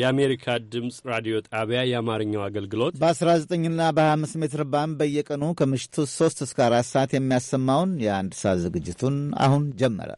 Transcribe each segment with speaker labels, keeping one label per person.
Speaker 1: የአሜሪካ ድምፅ
Speaker 2: ራዲዮ ጣቢያ የአማርኛው
Speaker 1: አገልግሎት በ19ና በ25 ሜትር ባንድ በየቀኑ ከምሽቱ 3 እስከ 4 ሰዓት የሚያሰማውን የአንድ ሰዓት ዝግጅቱን አሁን ጀመረ።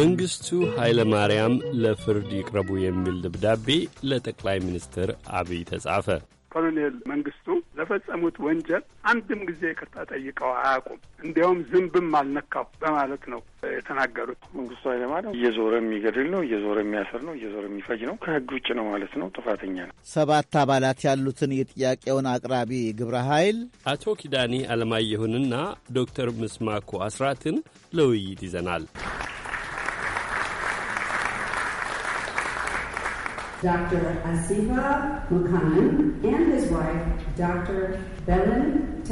Speaker 2: መንግስቱ ኃይለ ማርያም ለፍርድ ይቅረቡ የሚል ደብዳቤ ለጠቅላይ ሚኒስትር አብይ ተጻፈ።
Speaker 3: ኮሎኔል መንግስቱ ለፈጸሙት ወንጀል አንድም ጊዜ ይቅርታ
Speaker 4: ጠይቀው አያውቁም። እንዲያውም ዝንብም አልነካው
Speaker 3: በማለት ነው የተናገሩት። መንግስቱ
Speaker 4: ኃይለማርያም እየዞረ የሚገድል ነው፣ እየዞረ የሚያስር ነው፣ እየዞረ የሚፈጅ ነው፣ ከህግ ውጭ ነው ማለት ነው፣ ጥፋተኛ ነው።
Speaker 1: ሰባት አባላት ያሉትን የጥያቄውን አቅራቢ ግብረ ኃይል
Speaker 4: አቶ ኪዳኔ
Speaker 2: አለማየሁንና ዶክተር ምስማኮ አስራትን ለውይይት ይዘናል።
Speaker 5: Dr. Asiva Mukhanan and his wife, Dr. Belen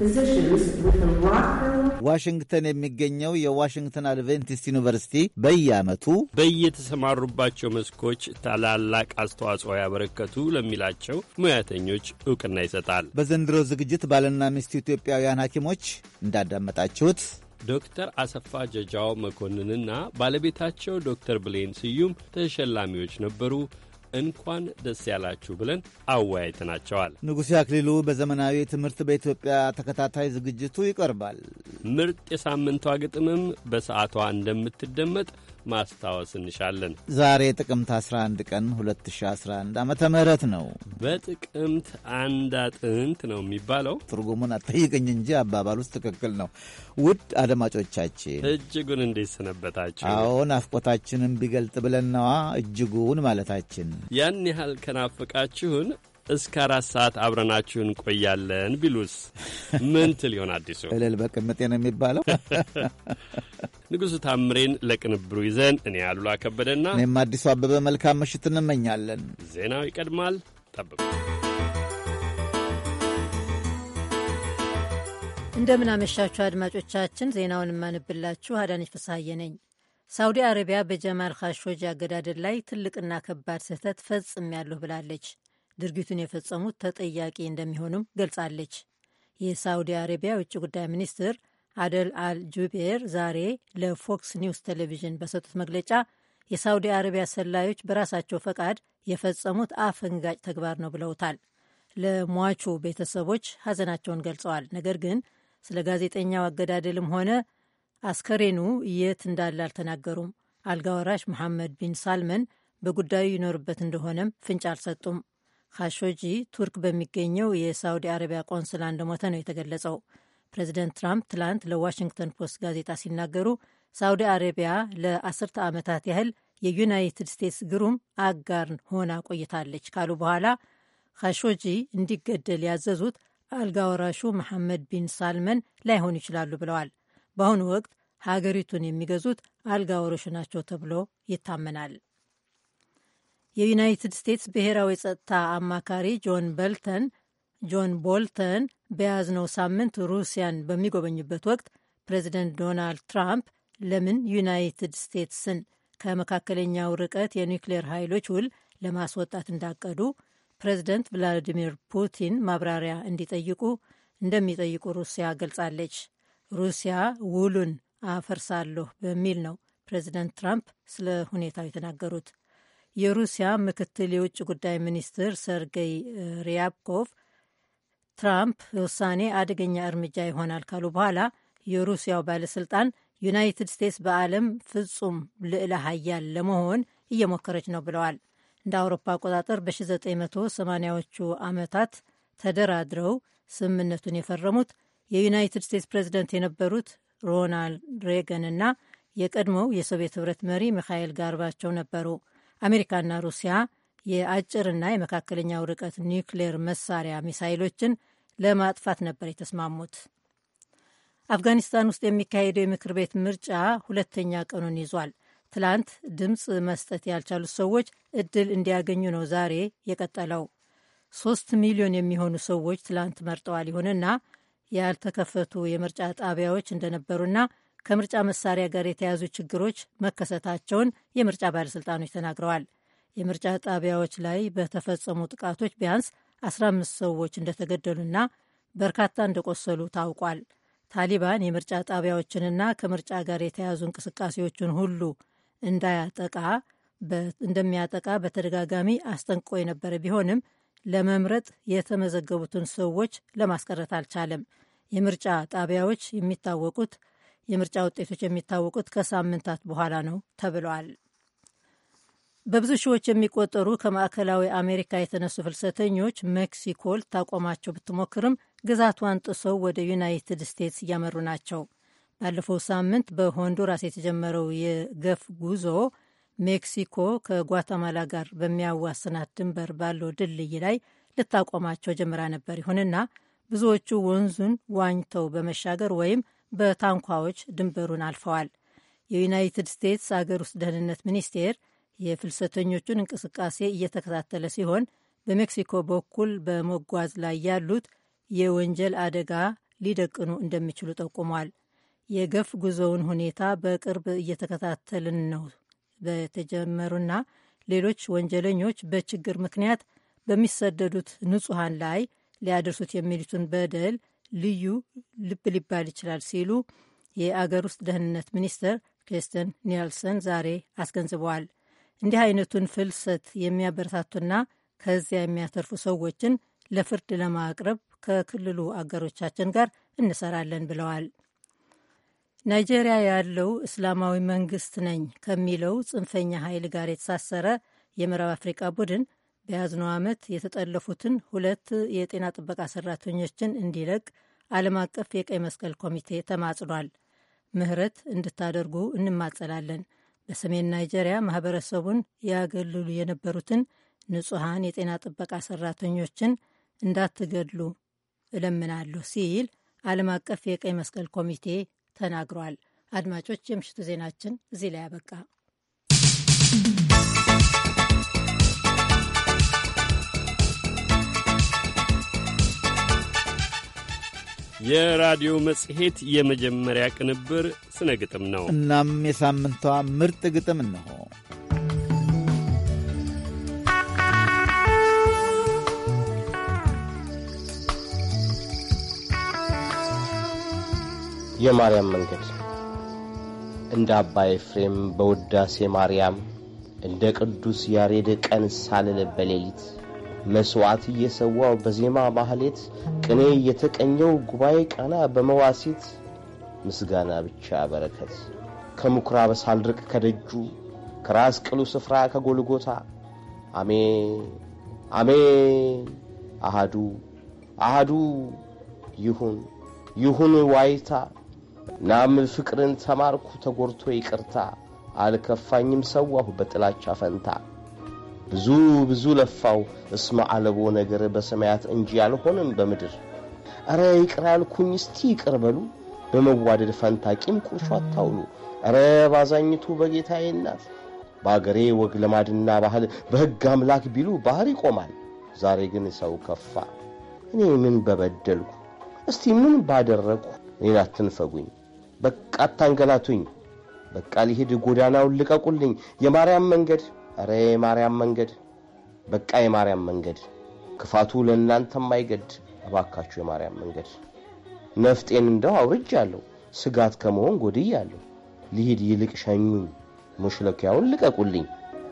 Speaker 3: physicians with the Rockville.
Speaker 1: ዋሽንግተን የሚገኘው የዋሽንግተን አድቬንቲስት ዩኒቨርሲቲ በየዓመቱ
Speaker 2: በየተሰማሩባቸው መስኮች ታላላቅ አስተዋጽኦ ያበረከቱ ለሚላቸው ሙያተኞች እውቅና ይሰጣል።
Speaker 1: በዘንድሮ ዝግጅት ባልና ሚስት ኢትዮጵያውያን ሐኪሞች እንዳዳመጣችሁት
Speaker 2: ዶክተር አሰፋ ጀጃው መኮንንና ባለቤታቸው ዶክተር ብሌን ስዩም ተሸላሚዎች ነበሩ። እንኳን ደስ ያላችሁ ብለን አወያይተናቸዋል።
Speaker 1: ንጉሴ አክሊሉ በዘመናዊ ትምህርት በኢትዮጵያ ተከታታይ ዝግጅቱ ይቀርባል።
Speaker 2: ምርጥ የሳምንቷ ግጥምም በሰዓቷ እንደምትደመጥ ማስታወስ እንሻለን።
Speaker 1: ዛሬ ጥቅምት 11 ቀን 2011 ዓመተ ምህረት ነው። በጥቅምት አንድ አጥንት ነው የሚባለው። ትርጉሙን አጠይቅኝ እንጂ አባባል ውስጥ ትክክል ነው። ውድ አድማጮቻችን
Speaker 2: እጅጉን እንዴት ሰነበታችሁ?
Speaker 1: አዎ ናፍቆታችንን ቢገልጥ ነዋ እጅጉን ማለታችን
Speaker 2: ያን ያህል ከናፍቃችሁን እስከ አራት ሰዓት አብረናችሁ እንቆያለን ቢሉስ ምን ትል ይሆን? አዲሱ እልል
Speaker 1: በቅምጤ ነው የሚባለው።
Speaker 2: ንጉሡ ታምሬን ለቅንብሩ ይዘን እኔ አሉላ ከበደና እኔም
Speaker 1: አዲሱ አበበ መልካም ምሽት እንመኛለን።
Speaker 2: ዜናው ይቀድማል። ጠብቁ።
Speaker 5: እንደምናመሻችሁ አድማጮቻችን፣ ዜናውን የማንብላችሁ አዳነች ፍስሐዬ ነኝ። ሳውዲ አረቢያ በጀማል ካሾጅ አገዳደል ላይ ትልቅና ከባድ ስህተት ፈጽም ያለሁ ብላለች። ድርጊቱን የፈጸሙት ተጠያቂ እንደሚሆኑም ገልጻለች። የሳውዲ አረቢያ የውጭ ጉዳይ ሚኒስትር አደል አል ጁቤር ዛሬ ለፎክስ ኒውስ ቴሌቪዥን በሰጡት መግለጫ የሳውዲ አረቢያ ሰላዮች በራሳቸው ፈቃድ የፈጸሙት አፈንጋጭ ተግባር ነው ብለውታል። ለሟቹ ቤተሰቦች ሐዘናቸውን ገልጸዋል። ነገር ግን ስለ ጋዜጠኛው አገዳደልም ሆነ አስከሬኑ የት እንዳለ አልተናገሩም። አልጋወራሽ መሐመድ ቢን ሳልመን በጉዳዩ ይኖርበት እንደሆነም ፍንጭ አልሰጡም። ካሾጂ ቱርክ በሚገኘው የሳውዲ አረቢያ ቆንስላ እንደሞተ ነው የተገለጸው። ፕሬዚደንት ትራምፕ ትላንት ለዋሽንግተን ፖስት ጋዜጣ ሲናገሩ ሳውዲ አረቢያ ለአስርተ ዓመታት ያህል የዩናይትድ ስቴትስ ግሩም አጋር ሆና ቆይታለች ካሉ በኋላ ካሾጂ እንዲገደል ያዘዙት አልጋ መሐመድ ቢን ሳልመን ላይሆኑ ይችላሉ ብለዋል። በአሁኑ ወቅት ሀገሪቱን የሚገዙት አልጋ ናቸው ተብሎ ይታመናል። የዩናይትድ ስቴትስ ብሔራዊ ጸጥታ አማካሪ ጆን በልተን ጆን ቦልተን በያዝነው ሳምንት ሩሲያን በሚጎበኙበት ወቅት ፕሬዚደንት ዶናልድ ትራምፕ ለምን ዩናይትድ ስቴትስን ከመካከለኛው ርቀት የኒውክሌር ኃይሎች ውል ለማስወጣት እንዳቀዱ ፕሬዚደንት ቭላዲሚር ፑቲን ማብራሪያ እንዲጠይቁ እንደሚጠይቁ ሩሲያ ገልጻለች። ሩሲያ ውሉን አፈርሳለሁ በሚል ነው ፕሬዚደንት ትራምፕ ስለ ሁኔታው የተናገሩት። የሩሲያ ምክትል የውጭ ጉዳይ ሚኒስትር ሰርገይ ሪያብኮቭ ትራምፕ ውሳኔ አደገኛ እርምጃ ይሆናል ካሉ በኋላ የሩሲያው ባለስልጣን ዩናይትድ ስቴትስ በዓለም ፍጹም ልዕለ ሀያል ለመሆን እየሞከረች ነው ብለዋል። እንደ አውሮፓ አቆጣጠር በ1980ዎቹ ዓመታት ተደራድረው ስምምነቱን የፈረሙት የዩናይትድ ስቴትስ ፕሬዚደንት የነበሩት ሮናልድ ሬገን እና የቀድሞው የሶቪየት ህብረት መሪ ሚካኤል ጋርባቸው ነበሩ። አሜሪካና ሩሲያ የአጭርና የመካከለኛው ርቀት ኒውክሌር መሳሪያ ሚሳይሎችን ለማጥፋት ነበር የተስማሙት። አፍጋኒስታን ውስጥ የሚካሄደው የምክር ቤት ምርጫ ሁለተኛ ቀኑን ይዟል። ትላንት ድምፅ መስጠት ያልቻሉት ሰዎች እድል እንዲያገኙ ነው ዛሬ የቀጠለው። ሶስት ሚሊዮን የሚሆኑ ሰዎች ትላንት መርጠዋል። ይሁንና ያልተከፈቱ የምርጫ ጣቢያዎች እንደነበሩና ከምርጫ መሳሪያ ጋር የተያዙ ችግሮች መከሰታቸውን የምርጫ ባለሥልጣኖች ተናግረዋል። የምርጫ ጣቢያዎች ላይ በተፈጸሙ ጥቃቶች ቢያንስ 15 ሰዎች እንደተገደሉና በርካታ እንደቆሰሉ ታውቋል። ታሊባን የምርጫ ጣቢያዎችንና ከምርጫ ጋር የተያዙ እንቅስቃሴዎችን ሁሉ እንዳያጠቃ እንደሚያጠቃ በተደጋጋሚ አስጠንቅቆ የነበረ ቢሆንም ለመምረጥ የተመዘገቡትን ሰዎች ለማስቀረት አልቻለም። የምርጫ ጣቢያዎች የሚታወቁት የምርጫ ውጤቶች የሚታወቁት ከሳምንታት በኋላ ነው ተብሏል። በብዙ ሺዎች የሚቆጠሩ ከማዕከላዊ አሜሪካ የተነሱ ፍልሰተኞች ሜክሲኮ ልታቆማቸው ብትሞክርም ግዛቷን ጥሰው ወደ ዩናይትድ ስቴትስ እያመሩ ናቸው። ባለፈው ሳምንት በሆንዱራስ የተጀመረው የገፍ ጉዞ ሜክሲኮ ከጓተማላ ጋር በሚያዋስናት ድንበር ባለው ድልድይ ላይ ልታቆማቸው ጀምራ ነበር። ይሁንና ብዙዎቹ ወንዙን ዋኝተው በመሻገር ወይም በታንኳዎች ድንበሩን አልፈዋል። የዩናይትድ ስቴትስ አገር ውስጥ ደህንነት ሚኒስቴር የፍልሰተኞቹን እንቅስቃሴ እየተከታተለ ሲሆን በሜክሲኮ በኩል በመጓዝ ላይ ያሉት የወንጀል አደጋ ሊደቅኑ እንደሚችሉ ጠቁሟል። የገፍ ጉዞውን ሁኔታ በቅርብ እየተከታተልን ነው። በተጀመሩና ሌሎች ወንጀለኞች በችግር ምክንያት በሚሰደዱት ንጹሐን ላይ ሊያደርሱት የሚሉትን በደል ልዩ ልብ ሊባል ይችላል ሲሉ የአገር ውስጥ ደህንነት ሚኒስትር ክሪስተን ኒልሰን ዛሬ አስገንዝበዋል። እንዲህ አይነቱን ፍልሰት የሚያበረታቱና ከዚያ የሚያተርፉ ሰዎችን ለፍርድ ለማቅረብ ከክልሉ አገሮቻችን ጋር እንሰራለን ብለዋል። ናይጄሪያ ያለው እስላማዊ መንግስት ነኝ ከሚለው ጽንፈኛ ኃይል ጋር የተሳሰረ የምዕራብ አፍሪቃ ቡድን በያዝነው ዓመት የተጠለፉትን ሁለት የጤና ጥበቃ ሰራተኞችን እንዲለቅ ዓለም አቀፍ የቀይ መስቀል ኮሚቴ ተማጽኗል። ምህረት እንድታደርጉ እንማጸላለን። በሰሜን ናይጄሪያ ማህበረሰቡን ያገልሉ የነበሩትን ንጹሐን የጤና ጥበቃ ሰራተኞችን እንዳትገድሉ እለምናለሁ ሲል ዓለም አቀፍ የቀይ መስቀል ኮሚቴ ተናግሯል። አድማጮች፣ የምሽቱ ዜናችን እዚህ ላይ አበቃ።
Speaker 2: የራዲዮ መጽሔት የመጀመሪያ ቅንብር ስነ ግጥም ነው።
Speaker 1: እናም የሳምንቷ ምርጥ ግጥም እንሆ
Speaker 6: የማርያም መንገድ እንደ አባይ ኤፍሬም በውዳሴ ማርያም እንደ ቅዱስ ያሬድ ቀን ሳልል በሌሊት መስዋዕት እየሰዋው በዜማ ማህሌት ቅኔ የተቀኘው ጉባኤ ቃና በመዋሲት ምስጋና ብቻ በረከት ከምኵራበ ሳልርቅ ከደጁ ከራስ ቅሉ ስፍራ ከጎልጎታ አሜ አሜ አህዱ አህዱ ይሁን ይሁን ዋይታ ናም ፍቅርን ተማርኩ ተጎርቶ ይቅርታ አልከፋኝም ሰዋሁ በጥላቻ ፈንታ ብዙ ብዙ ለፋው እስመ አለቦ ነገር በሰማያት እንጂ ያልሆነን በምድር። እረ ይቅር ያልኩኝ እስቲ ይቅር በሉ፣ በመዋደድ ፈንታ ቂም ቁርሾ አታውሉ። እረ ባዛኝቱ በጌታዬ እናት፣ በአገሬ ወግ ልማድና ባህል በሕግ አምላክ ቢሉ ባህር ይቆማል። ዛሬ ግን ሰው ከፋ። እኔ ምን በበደልኩ? እስቲ ምን ባደረግኩ? እኔን አትንፈጉኝ፣ በቃ አታንገላቱኝ። በቃ ሊሄድ ጎዳናውን ልቀቁልኝ። የማርያም መንገድ እረ የማርያም መንገድ በቃ የማርያም መንገድ ክፋቱ ለእናንተ ማይገድ እባካችሁ የማርያም መንገድ ነፍጤን እንደው አለው ስጋት ከመሆን አለው ልሂድ ይልቅ ሸኙኝ ሙሽለኪያውን ልቀቁልኝ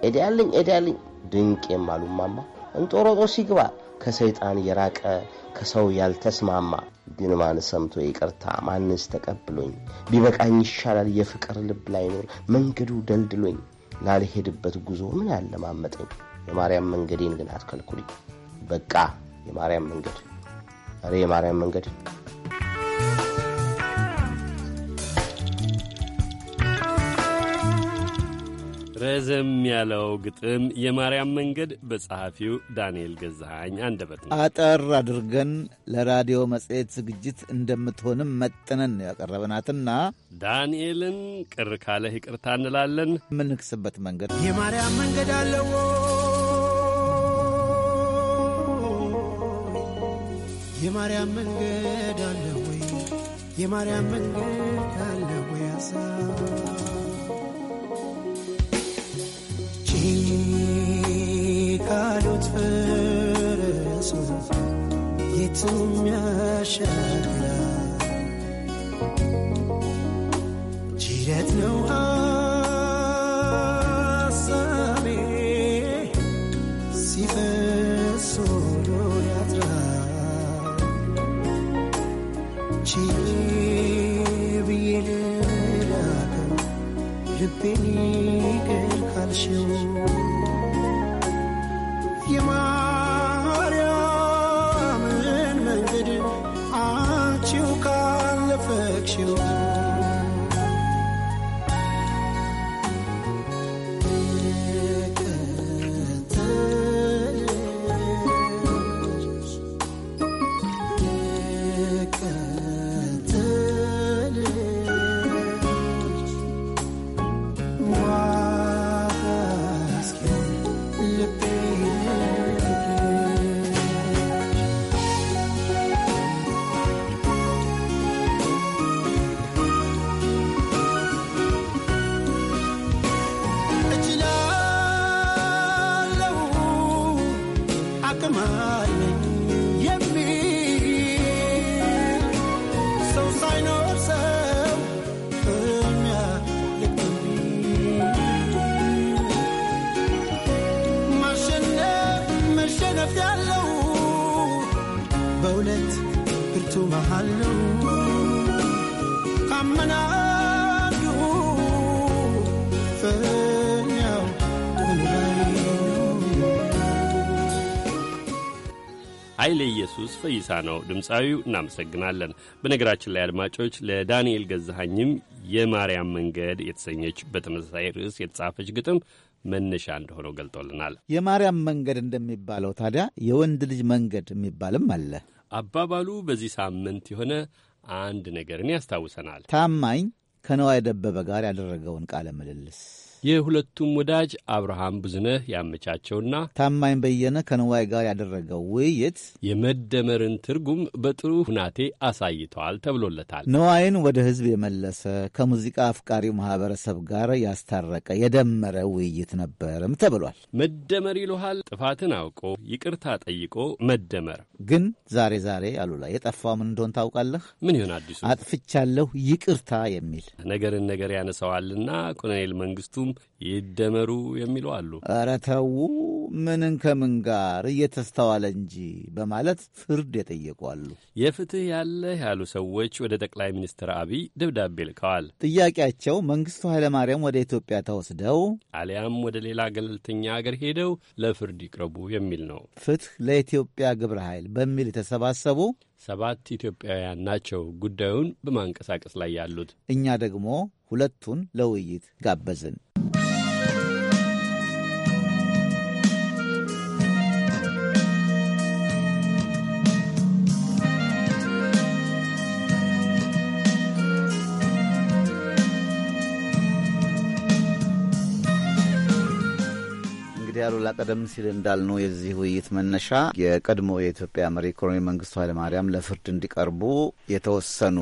Speaker 6: ኤዳልኝ እዳልኝ ድንቅ ማማ እንጦሮጦ ሲግባ ከሰይጣን የራቀ ከሰው ያልተስማማ ግን ማን ሰምቶ ይቅርታ ማንስ ተቀብሎኝ ቢበቃኝ ይሻላል የፍቅር ልብ ላይኖር መንገዱ ደልድሎኝ ላልሄድበት ጉዞ ምን ያለማመጠኝ፣ የማርያም መንገዴን ግን አትከልኩልኝ። በቃ የማርያም መንገድ፣ ኧረ የማርያም መንገድ
Speaker 2: ረዘም ያለው ግጥም የማርያም መንገድ በጸሐፊው ዳንኤል ገዛሃኝ አንደበት
Speaker 1: ነው። አጠር አድርገን ለራዲዮ መጽሔት ዝግጅት እንደምትሆንም መጥነን ያቀረበናትና ዳንኤልን ቅር ካለህ ይቅርታ እንላለን። የምንክስበት መንገድ የማርያም መንገድ አለው
Speaker 7: የማርያም መንገድ አለው የማርያም መንገድ አለው ካሉት ፈረሱ የቱም ያሻግራ ጅረት ነው አሳቤ
Speaker 8: ሲፈስ
Speaker 7: ወዶ ያጥራ
Speaker 6: ብዬ ልላከው ልቤን ይቅር ካልሽው
Speaker 9: ይጠቅማል የሚል
Speaker 7: ሰው ማሸነፍ መሸነፍ ያለው በሁለት ብርቱ መሃል
Speaker 2: ኃይሌ ኢየሱስ ፈይሳ ነው ድምፃዊው። እናመሰግናለን። በነገራችን ላይ አድማጮች ለዳንኤል ገዛሃኝም የማርያም መንገድ የተሰኘች በተመሳሳይ ርዕስ የተጻፈች ግጥም መነሻ እንደሆነው ገልጦልናል።
Speaker 1: የማርያም መንገድ እንደሚባለው ታዲያ የወንድ ልጅ መንገድ የሚባልም አለ።
Speaker 2: አባባሉ በዚህ ሳምንት የሆነ አንድ ነገርን ያስታውሰናል።
Speaker 1: ታማኝ ከነዋይ ደበበ ጋር ያደረገውን ቃለ ምልልስ
Speaker 2: የሁለቱም ወዳጅ አብርሃም ብዙነህ ያመቻቸውና
Speaker 1: ታማኝ በየነ ከንዋይ ጋር ያደረገው ውይይት
Speaker 2: የመደመርን ትርጉም በጥሩ ሁናቴ አሳይተዋል ተብሎለታል።
Speaker 1: ንዋይን ወደ ሕዝብ የመለሰ ከሙዚቃ አፍቃሪ ማህበረሰብ ጋር ያስታረቀ የደመረ ውይይት ነበርም ተብሏል።
Speaker 2: መደመር ይሉሃል ጥፋትን አውቆ ይቅርታ ጠይቆ መደመር
Speaker 1: ግን ዛሬ ዛሬ አሉላ የጠፋው
Speaker 2: ምን እንደሆን ታውቃለህ? ምን ይሆን አዲሱ
Speaker 1: አጥፍቻለሁ ይቅርታ የሚል
Speaker 2: ነገርን ነገር ያነሳዋልና ኮሎኔል መንግስቱ ሁሉም ይደመሩ የሚሉ አሉ።
Speaker 1: ኧረ ምንን ከምን ጋር እየተስተዋለ እንጂ በማለት ፍርድ የጠየቁ አሉ።
Speaker 2: የፍትህ ያለህ ያሉ ሰዎች ወደ ጠቅላይ ሚኒስትር አብይ ደብዳቤ ልከዋል።
Speaker 1: ጥያቄያቸው መንግስቱ ኃይለማርያም ወደ ኢትዮጵያ ተወስደው
Speaker 2: አሊያም ወደ ሌላ ገለልተኛ አገር ሄደው ለፍርድ ይቅረቡ የሚል ነው።
Speaker 1: ፍትህ ለኢትዮጵያ ግብረ ኃይል በሚል የተሰባሰቡ
Speaker 2: ሰባት ኢትዮጵያውያን ናቸው ጉዳዩን በማንቀሳቀስ ላይ ያሉት።
Speaker 1: እኛ ደግሞ ሁለቱን ለውይይት ጋበዝን። አሉላ ቀደም ሲል እንዳልነው የዚህ ውይይት መነሻ የቀድሞ የኢትዮጵያ መሪ ኮሎኔል መንግስቱ ኃይለማርያም ለፍርድ እንዲቀርቡ የተወሰኑ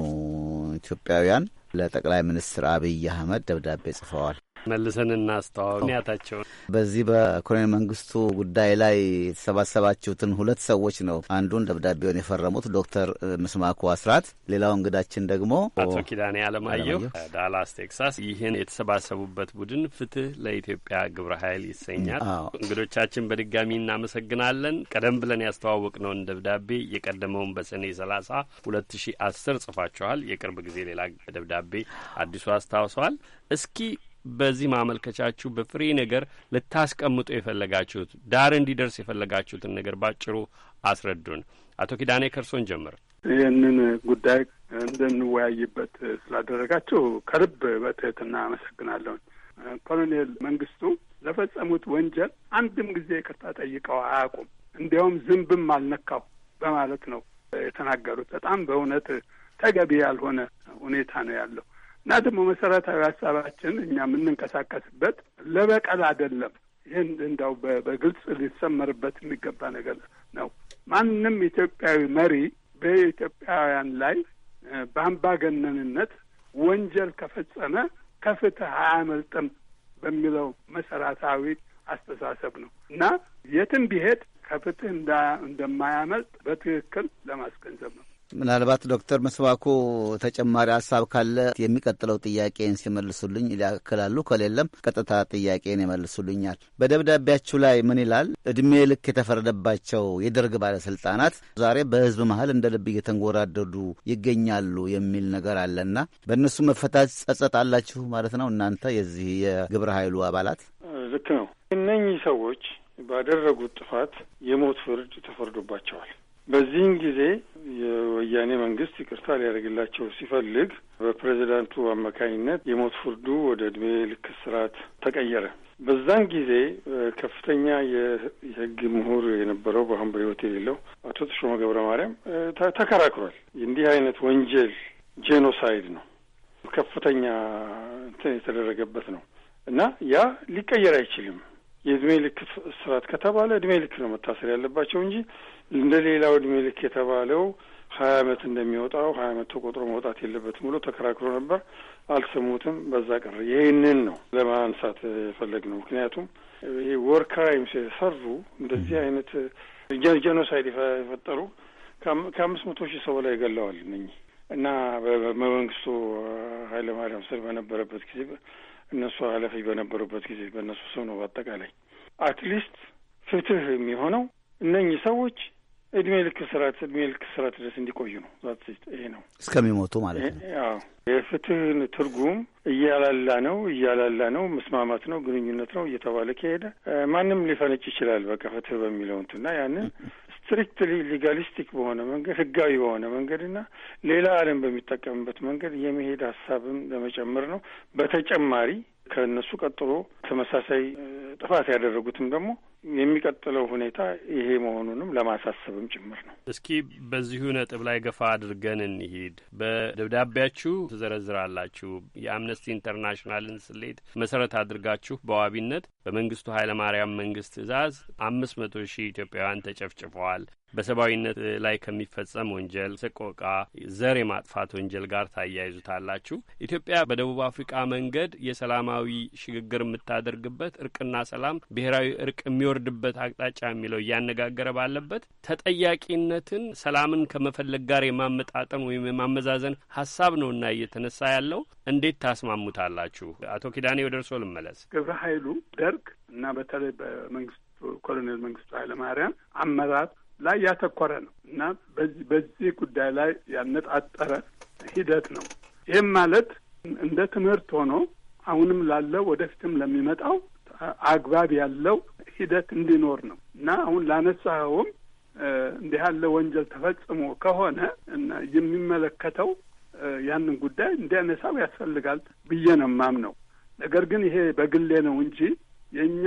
Speaker 1: ኢትዮጵያውያን ለጠቅላይ ሚኒስትር አብይ አህመድ ደብዳቤ ጽፈዋል።
Speaker 2: መልሰን እናስተዋወቅ ምክንያታቸው
Speaker 1: በዚህ በኮሎኔል መንግስቱ ጉዳይ ላይ የተሰባሰባችሁትን ሁለት ሰዎች ነው። አንዱን ደብዳቤውን የፈረሙት ዶክተር ምስማኩ አስራት፣ ሌላው እንግዳችን ደግሞ አቶ
Speaker 2: ኪዳኔ አለማየሁ ዳላስ ቴክሳስ። ይህን የተሰባሰቡበት ቡድን ፍትህ ለኢትዮጵያ ግብረ ኃይል ይሰኛል። እንግዶቻችን በድጋሚ እናመሰግናለን። ቀደም ብለን ያስተዋወቅነውን ደብዳቤ የቀደመውን በሰኔ ሰላሳ ሁለት ሺ አስር ጽፋችኋል። የቅርብ ጊዜ ሌላ ደብዳቤ አዲሱ አስታውሰዋል። እስኪ በዚህ ማመልከቻችሁ በፍሬ ነገር ልታስቀምጡ የፈለጋችሁት ዳር እንዲደርስ የፈለጋችሁትን ነገር ባጭሩ አስረዱን። አቶ ኪዳኔ ከርሶን ጀምር።
Speaker 3: ይህንን ጉዳይ እንድንወያይበት ስላደረጋችሁ ከልብ በትህትና አመሰግናለሁኝ። ኮሎኔል መንግስቱ ለፈጸሙት ወንጀል አንድም ጊዜ ይቅርታ ጠይቀው አያውቁም። እንዲያውም ዝንብም አልነካሁ በማለት ነው የተናገሩት። በጣም በእውነት ተገቢ ያልሆነ ሁኔታ ነው ያለው። እና ደግሞ መሰረታዊ ሀሳባችን እኛ የምንንቀሳቀስበት ለበቀል አይደለም። ይህን እንዳው በግልጽ ሊሰመርበት የሚገባ ነገር ነው። ማንም ኢትዮጵያዊ መሪ በኢትዮጵያውያን ላይ በአምባገነንነት ወንጀል ከፈጸመ ከፍትህ አያመልጥም በሚለው መሰረታዊ አስተሳሰብ ነው እና የትም ቢሄድ ከፍትህ እንደማያመልጥ በትክክል ለማስገንዘብ ነው።
Speaker 1: ምናልባት ዶክተር መስባኩ ተጨማሪ ሀሳብ ካለ የሚቀጥለው ጥያቄን ሲመልሱልኝ ያክላሉ። ከሌለም ቀጥታ ጥያቄን ይመልሱልኛል። በደብዳቤያችሁ ላይ ምን ይላል? እድሜ ልክ የተፈረደባቸው የደርግ ባለስልጣናት ዛሬ በህዝብ መሀል እንደ ልብ እየተንጎራደዱ ይገኛሉ የሚል ነገር አለና በእነሱ መፈታት ጸጸት አላችሁ ማለት ነው እናንተ የዚህ የግብረ ኃይሉ አባላት?
Speaker 4: ልክ ነው። እነኚህ ሰዎች ባደረጉት ጥፋት የሞት ፍርድ ተፈርዶባቸዋል። በዚህን ጊዜ የወያኔ መንግስት ይቅርታ ሊያደርግላቸው ሲፈልግ በፕሬዚዳንቱ አማካኝነት የሞት ፍርዱ ወደ እድሜ ልክ እስራት ተቀየረ። በዛን ጊዜ ከፍተኛ የህግ ምሁር የነበረው በአሁን በህይወት የሌለው አቶ ተሾመ ገብረ ማርያም ተከራክሯል። እንዲህ አይነት ወንጀል ጄኖሳይድ ነው፣ ከፍተኛ እንትን የተደረገበት ነው እና ያ ሊቀየር አይችልም የእድሜ ልክ ስርዓት ከተባለ እድሜ ልክ ነው መታሰር ያለባቸው እንጂ እንደ ሌላው እድሜ ልክ የተባለው ሀያ አመት እንደሚወጣው ሀያ አመት ተቆጥሮ መውጣት የለበትም ብሎ ተከራክሮ ነበር። አልሰሙትም። በዛ ቀር ይህንን ነው ለማንሳት የፈለግ ነው። ምክንያቱም ይህ ወር ክራይም የሰሩ እንደዚህ አይነት ጀኖሳይድ የፈጠሩ ከአምስት መቶ ሺህ ሰው በላይ ገለዋል እነኚህ እና በመንግስቱ ኃይለማርያም ስር በነበረበት ጊዜ እነሱ ኃላፊ በነበሩበት ጊዜ በእነሱ ስም ነው። በአጠቃላይ አትሊስት ፍትህ የሚሆነው እነኚህ ሰዎች እድሜ ልክ ስርዓት እድሜ ልክ ስርዓት ድረስ እንዲቆዩ ነው። ዛት ይሄ ነው እስከሚሞቱ ማለት ነው። አዎ የፍትህን ትርጉም እያላላ ነው እያላላ ነው መስማማት ነው ግንኙነት ነው እየተባለ ከሄደ ማንም ሊፈነጭ ይችላል። በቃ ፍትህ በሚለው እንትና ያንን ስትሪክትሊ ሊጋሊስቲክ በሆነ መንገድ ህጋዊ በሆነ መንገድና ሌላ ዓለም በሚጠቀምበት መንገድ የመሄድ ሀሳብን ለመጨመር ነው። በተጨማሪ ከእነሱ ቀጥሎ ተመሳሳይ ጥፋት ያደረጉትም ደግሞ የሚቀጥለው ሁኔታ ይሄ መሆኑንም ለማሳሰብም ጭምር ነው።
Speaker 2: እስኪ በዚሁ ነጥብ ላይ ገፋ አድርገን እንሂድ። በደብዳቤያችሁ ትዘረዝራላችሁ የአምነስቲ ኢንተርናሽናልን ስሌት መሰረት አድርጋችሁ በዋቢነት በመንግስቱ ኃይለማርያም መንግስት ትእዛዝ አምስት መቶ ሺህ ኢትዮጵያውያን ተጨፍጭፈዋል። በሰብአዊነት ላይ ከሚፈጸም ወንጀል ሰቆቃ፣ ዘር የማጥፋት ወንጀል ጋር ታያይዙታላችሁ። ኢትዮጵያ በደቡብ አፍሪቃ መንገድ የሰላማዊ ሽግግር የምታደርግበት እርቅና ሰላም ብሔራዊ እርቅ የሚወርድበት አቅጣጫ የሚለው እያነጋገረ ባለበት ተጠያቂነትን ሰላምን ከመፈለግ ጋር የማመጣጠን ወይም የማመዛዘን ሀሳብ ነውና እየተነሳ ያለው እንዴት ታስማሙታላችሁ? አቶ ኪዳኔ ወደ እርስዎ ልመለስ።
Speaker 3: ግብረ ኃይሉ ሲያደርግ እና በተለይ በመንግስቱ ኮሎኔል መንግስቱ ኃይለማርያም አመራር ላይ ያተኮረ ነው እና በዚህ በዚህ ጉዳይ ላይ ያነጣጠረ ሂደት ነው። ይህም ማለት እንደ ትምህርት ሆኖ አሁንም ላለው ወደፊትም ለሚመጣው አግባብ ያለው ሂደት እንዲኖር ነው እና አሁን ላነሳኸውም እንዲህ ያለ ወንጀል ተፈጽሞ ከሆነ እና የሚመለከተው ያንን ጉዳይ እንዲያነሳው ያስፈልጋል ብዬ ነው የማምነው። ነገር ግን ይሄ በግሌ ነው እንጂ የእኛ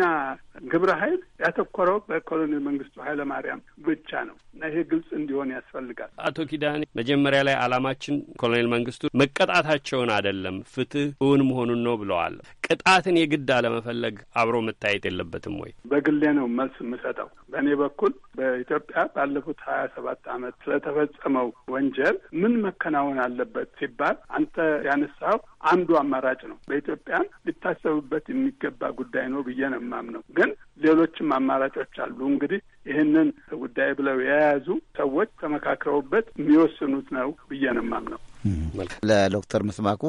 Speaker 3: ግብረ ኃይል ያተኮረው በኮሎኔል መንግስቱ ኃይለማርያም ብቻ ነው እና ይሄ ግልጽ እንዲሆን ያስፈልጋል።
Speaker 2: አቶ ኪዳን መጀመሪያ ላይ አላማችን ኮሎኔል መንግስቱ መቀጣታቸውን አይደለም ፍትህ እውን መሆኑን ነው ብለዋል። ቅጣትን የግድ አለመፈለግ አብሮ መታየት የለበትም ወይ?
Speaker 3: በግሌ ነው መልስ የምሰጠው። በእኔ በኩል በኢትዮጵያ ባለፉት ሀያ ሰባት አመት ስለተፈጸመው ወንጀል ምን መከናወን አለበት ሲባል አንተ ያነሳው አንዱ አማራጭ ነው። በኢትዮጵያ ሊታሰብበት የሚገባ ጉዳይ ነው ብዬ ነው የማምነው። ግን ሌሎችም አማራጮች አሉ። እንግዲህ ይህንን ጉዳይ ብለው የያዙ ሰዎች ተመካክረውበት የሚወስኑት ነው ብዬ ነው የማምነው።
Speaker 1: ለዶክተር ምስማኩ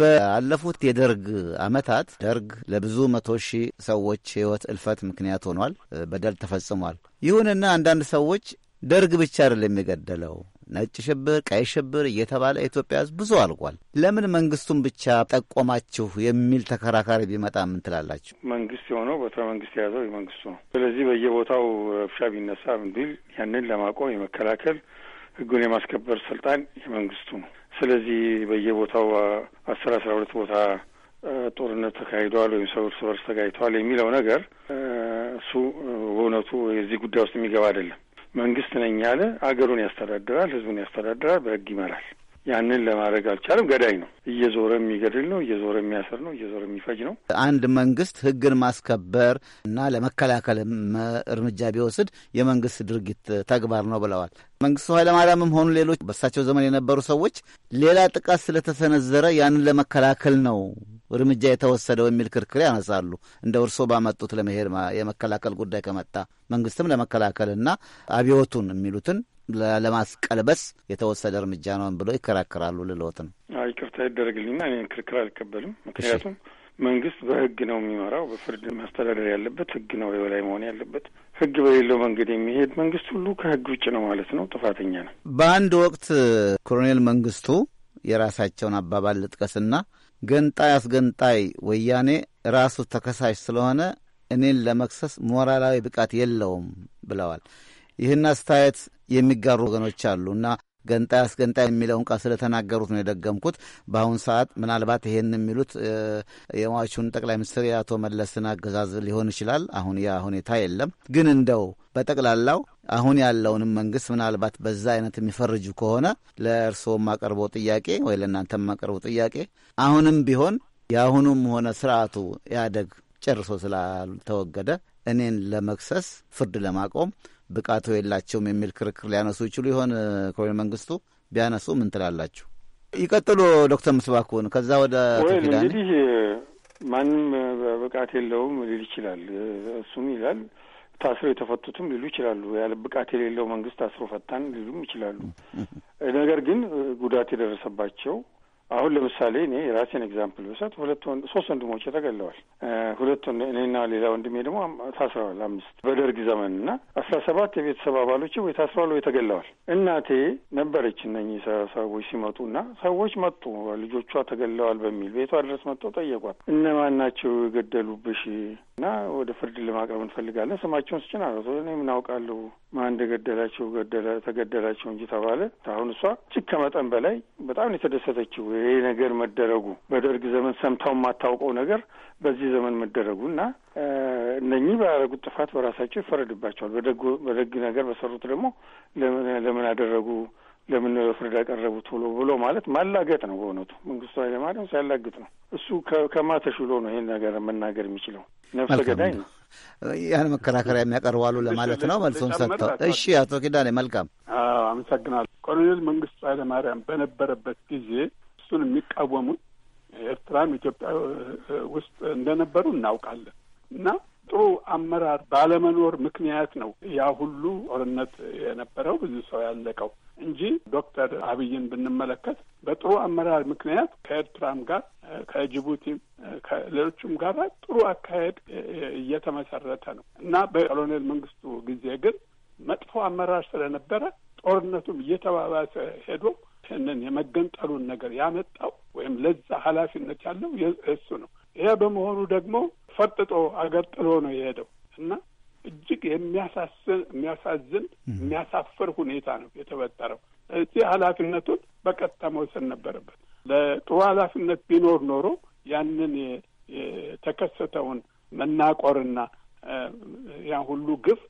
Speaker 1: በአለፉት የደርግ አመታት ደርግ ለብዙ መቶ ሺህ ሰዎች ህይወት እልፈት ምክንያት ሆኗል። በደል ተፈጽሟል። ይሁንና አንዳንድ ሰዎች ደርግ ብቻ አይደለም የሚገደለው ነጭ ሽብር፣ ቀይ ሽብር እየተባለ ኢትዮጵያ ህዝብ ብዙ አልቋል። ለምን መንግስቱን ብቻ ጠቆማችሁ የሚል ተከራካሪ ቢመጣ ምን
Speaker 4: ትላላችሁ? መንግስት የሆነው በትረ መንግስት የያዘው የመንግስቱ ነው። ስለዚህ በየቦታው ረብሻ ቢነሳ ቢል ያንን ለማቆም የመከላከል ህጉን የማስከበር ስልጣን የመንግስቱ ነው። ስለዚህ በየቦታው አስር አስራ ሁለት ቦታ ጦርነት ተካሂደዋል ወይም ሰው እርስ በርስ ተጋጭተዋል የሚለው ነገር እሱ በእውነቱ የዚህ ጉዳይ ውስጥ የሚገባ አይደለም። መንግስት ነኝ ያለ አገሩን ያስተዳድራል፣ ህዝቡን ያስተዳድራል፣ በህግ ይመራል። ያንን ለማድረግ አልቻለም። ገዳይ ነው። እየዞረ የሚገድል ነው። እየዞረ የሚያስር ነው። እየዞረ የሚፈጅ ነው።
Speaker 1: አንድ መንግስት ህግን ማስከበር እና ለመከላከል እርምጃ ቢወስድ የመንግስት ድርጊት ተግባር ነው ብለዋል። መንግስቱ ኃይለማርያምም ሆኑ ሌሎች በእሳቸው ዘመን የነበሩ ሰዎች ሌላ ጥቃት ስለተሰነዘረ ያንን ለመከላከል ነው እርምጃ የተወሰደው የሚል ክርክር ያነሳሉ። እንደ እርሶ ባመጡት ለመሄድ የመከላከል ጉዳይ ከመጣ መንግስትም ለመከላከልና አብዮቱን የሚሉትን ለማስቀልበስ የተወሰደ እርምጃ ነውን ብሎ ይከራከራሉ።
Speaker 4: ልለወት ነው ይቅርታ ይደረግልኝና እኔ ክርክር አልቀበልም። ምክንያቱም መንግስት በህግ ነው የሚመራው። በፍርድ ማስተዳደር ያለበት ህግ ነው የበላይ መሆን ያለበት። ህግ በሌለው መንገድ የሚሄድ መንግስት ሁሉ ከህግ ውጭ ነው ማለት ነው፣ ጥፋተኛ ነው።
Speaker 1: በአንድ ወቅት ኮሎኔል መንግስቱ የራሳቸውን አባባል ልጥቀስና ገንጣይ አስገንጣይ ወያኔ ራሱ ተከሳሽ ስለሆነ እኔን ለመክሰስ ሞራላዊ ብቃት የለውም ብለዋል። ይህን አስተያየት የሚጋሩ ወገኖች አሉ እና ገንጣይ አስገንጣይ የሚለውን ቃል ስለተናገሩት ነው የደገምኩት። በአሁኑ ሰዓት ምናልባት ይሄን የሚሉት የሟቹን ጠቅላይ ሚኒስትር የአቶ መለስን አገዛዝ ሊሆን ይችላል። አሁን ያ ሁኔታ የለም። ግን እንደው በጠቅላላው አሁን ያለውንም መንግስት ምናልባት በዛ አይነት የሚፈርጁ ከሆነ ለእርስዎ ማቀርበው ጥያቄ ወይ ለእናንተ የማቀርበው ጥያቄ አሁንም ቢሆን የአሁኑም ሆነ ስርዓቱ ያደግ ጨርሶ ስላልተወገደ እኔን ለመክሰስ ፍርድ ለማቆም ብቃቱ የላቸውም የሚል ክርክር ሊያነሱ ይችሉ ይሆን? ኮሎኔል መንግስቱ ቢያነሱ ምን ትላላችሁ? ይቀጥሉ ዶክተር ምስባኩን ከዛ ወደ እንግዲህ
Speaker 4: ማንም ብቃት የለውም ሊል ይችላል። እሱም ይላል ታስረው የተፈቱትም ሊሉ ይችላሉ። ያለ ብቃት የሌለው መንግስት አስሮ ፈታን ሊሉም ይችላሉ። ነገር ግን ጉዳት የደረሰባቸው አሁን ለምሳሌ እኔ የራሴን ኤግዛምፕል ብሰጥ ሁለት ወንድ ሶስት ወንድሞች ተገለዋል። ሁለት እኔና ሌላ ወንድሜ ደግሞ ታስረዋል። አምስት በደርግ ዘመን እና አስራ ሰባት የቤተሰብ አባሎች ወይ ታስረዋል ወይ ተገለዋል። እናቴ ነበረች። እነኚህ ሰዎች ሲመጡ እና ሰዎች መጡ ልጆቿ ተገለዋል በሚል ቤቷ ድረስ መጥተው ጠየቋት። እነማን ናቸው የገደሉብሽ? እና ወደ ፍርድ ለማቅረብ እንፈልጋለን። ስማቸውን ስጭን አለ። እኔ ምን አውቃለሁ ማን እንደገደላቸው ተገደላቸው እንጂ ተባለ። አሁን እሷ እጅግ ከመጠን በላይ በጣም የተደሰተችው ይሄ ነገር መደረጉ በደርግ ዘመን ሰምታው የማታውቀው ነገር በዚህ ዘመን መደረጉ እና እነኚህ ባደረጉት ጥፋት በራሳቸው ይፈረድባቸዋል። በደግ ነገር በሰሩት ደግሞ ለምን አደረጉ ለምን ፍርድ ያቀረቡ ቶሎ ብሎ ማለት ማላገጥ ነው። በእውነቱ መንግስቱ ኃይለማርያም ሲያላግጥ ነው። እሱ ከማተሽሎ ነው ይሄን ነገር መናገር የሚችለው ነፍሰ ገዳይ ነው።
Speaker 1: ያን መከራከሪያ የሚያቀርባሉ ለማለት ነው። መልሱን ሰጥተው እሺ፣ አቶ ኪዳኔ መልካም
Speaker 3: አመሰግናለሁ። ኮሎኔል መንግስቱ ኃይለማርያም በነበረበት ጊዜ እሱን የሚቃወሙት ኤርትራም ኢትዮጵያ ውስጥ እንደነበሩ እናውቃለን እና ጥሩ አመራር ባለመኖር ምክንያት ነው ያ ሁሉ ጦርነት የነበረው ብዙ ሰው ያለቀው እንጂ ዶክተር አብይን ብንመለከት በጥሩ አመራር ምክንያት ከኤርትራም ጋር ከጅቡቲም ከሌሎችም ጋር ጥሩ አካሄድ እየተመሰረተ ነው እና በኮሎኔል መንግስቱ ጊዜ ግን መጥፎ አመራር ስለነበረ ጦርነቱም እየተባባሰ ሄዶ ይህንን የመገንጠሉን ነገር ያመጣው ወይም ለዛ ኃላፊነት ያለው እሱ ነው። ይሄ በመሆኑ ደግሞ ፈጥጦ አገር ጥሎ ነው የሄደው እና እጅግ የሚያሳስን የሚያሳዝን የሚያሳፍር ሁኔታ ነው የተፈጠረው። እዚህ ኃላፊነቱን በቀጥታ መውሰድ ነበረበት። ለጥሩ ኃላፊነት ቢኖር ኖሮ ያንን የተከሰተውን መናቆርና ያ ሁሉ ግፍ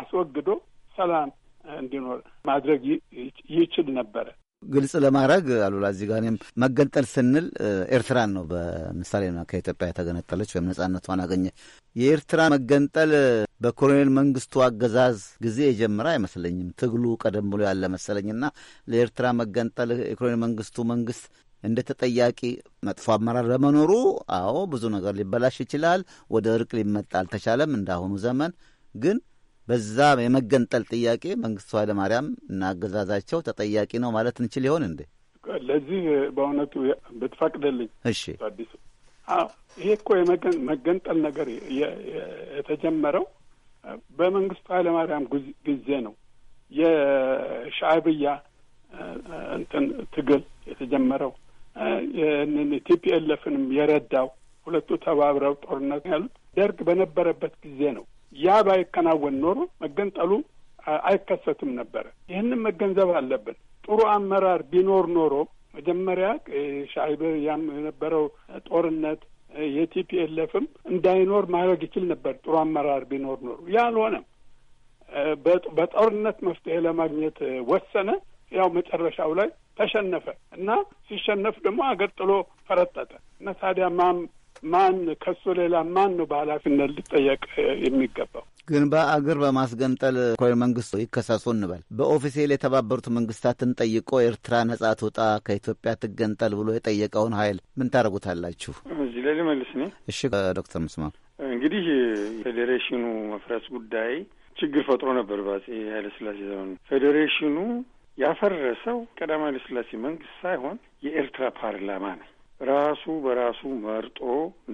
Speaker 3: አስወግዶ ሰላም እንዲኖር ማድረግ ይችል ነበረ።
Speaker 1: ግልጽ ለማድረግ አሉላ እዚህ ጋር እኔም መገንጠል ስንል ኤርትራን ነው በምሳሌ ከኢትዮጵያ የተገነጠለች ወይም ነጻነቷን አገኘ። የኤርትራ መገንጠል በኮሎኔል መንግስቱ አገዛዝ ጊዜ የጀመረ አይመስለኝም። ትግሉ ቀደም ብሎ ያለ መሰለኝና ለኤርትራ መገንጠል የኮሎኔል መንግስቱ መንግስት እንደ ተጠያቂ መጥፎ አመራር ለመኖሩ፣ አዎ ብዙ ነገር ሊበላሽ ይችላል። ወደ እርቅ ሊመጣ አልተቻለም። እንደ አሁኑ ዘመን ግን በዛ የመገንጠል ጥያቄ መንግስቱ ኃይለማርያም እና አገዛዛቸው ተጠያቂ ነው ማለት እንችል ይሆን እንዴ?
Speaker 3: ለዚህ በእውነቱ ብትፈቅድልኝ። እሺ፣ አዲሱ ይሄ እኮ የመገንጠል ነገር የተጀመረው በመንግስቱ ኃይለማርያም ጊዜ ነው። የሻዕብያ እንትን ትግል የተጀመረው ቲፒኤልኤፍንም የረዳው ሁለቱ ተባብረው ጦርነት ያሉት ደርግ በነበረበት ጊዜ ነው። ያ ባይከናወን ኖሮ መገንጠሉ አይከሰትም ነበረ። ይህንም መገንዘብ አለብን። ጥሩ አመራር ቢኖር ኖሮ መጀመሪያ ሻዕቢያ ያም የነበረው ጦርነት የቲፒኤልኤፍም እንዳይኖር ማድረግ ይችል ነበር፣ ጥሩ አመራር ቢኖር ኖሮ። ያ በጦርነት መፍትሄ ለማግኘት ወሰነ። ያው መጨረሻው ላይ ተሸነፈ እና ሲሸነፍ ደግሞ አገር ጥሎ ፈረጠጠ እና ታዲያ ማም ማን ከሱ ሌላ ማን ነው በኃላፊነት ሊጠየቅ የሚገባው?
Speaker 1: ግን በአገር በማስገንጠል ኮሎኔል መንግስቱ ይከሰሱ እንበል በኦፊሴል የተባበሩት መንግስታትን ጠይቆ ኤርትራ ነጻ ትውጣ ከኢትዮጵያ ትገንጠል ብሎ የጠየቀውን ኃይል ምን ታደርጉታላችሁ?
Speaker 4: እዚህ ላይ ልመልስ ኔ
Speaker 1: እሺ ዶክተር ምስማ
Speaker 4: እንግዲህ ፌዴሬሽኑ መፍረስ ጉዳይ ችግር ፈጥሮ ነበር በአጼ ኃይለስላሴ ዘመን ፌዴሬሽኑ ያፈረሰው ቀዳማዊ ኃይለስላሴ መንግስት ሳይሆን የኤርትራ ፓርላማ ነው። ራሱ በራሱ መርጦ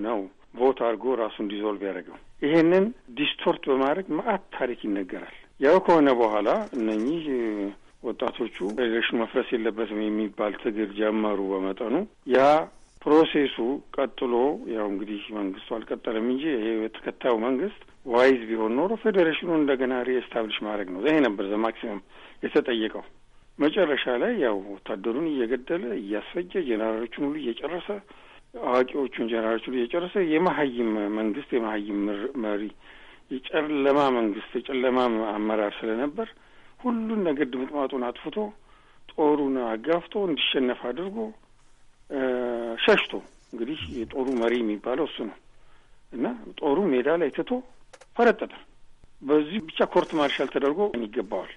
Speaker 4: ነው ቮት አድርጎ ራሱ እንዲዞልቭ ያደረገው። ይሄንን ዲስቶርት በማድረግ መአት ታሪክ ይነገራል። ያው ከሆነ በኋላ እነኚህ ወጣቶቹ ፌዴሬሽኑ መፍረስ የለበትም የሚባል ትግል ጀመሩ። በመጠኑ ያ ፕሮሴሱ ቀጥሎ ያው እንግዲህ መንግስቱ አልቀጠለም እንጂ ይሄ ተከታዩ መንግስት ዋይዝ ቢሆን ኖሮ ፌዴሬሽኑ እንደገና ሪኤስታብሊሽ ማድረግ ነው። ይሄ ነበር ዘ ማክሲመም የተጠየቀው። መጨረሻ ላይ ያው ወታደሩን እየገደለ እያስፈጀ ጀኔራሎቹን ሁሉ እየጨረሰ አዋቂዎቹን ጀኔራሎች ሁሉ እየጨረሰ የመሀይም መንግስት የመሀይም መሪ የጨለማ መንግስት የጨለማ አመራር ስለነበር ሁሉን ነገር ድምጥማጡን አጥፍቶ ጦሩን አጋፍቶ እንዲሸነፍ አድርጎ ሸሽቶ እንግዲህ የጦሩ መሪ የሚባለው እሱ ነው እና ጦሩ ሜዳ ላይ ትቶ ፈረጠጠ። በዚህ ብቻ ኮርት ማርሻል ተደርጎ ይገባዋል።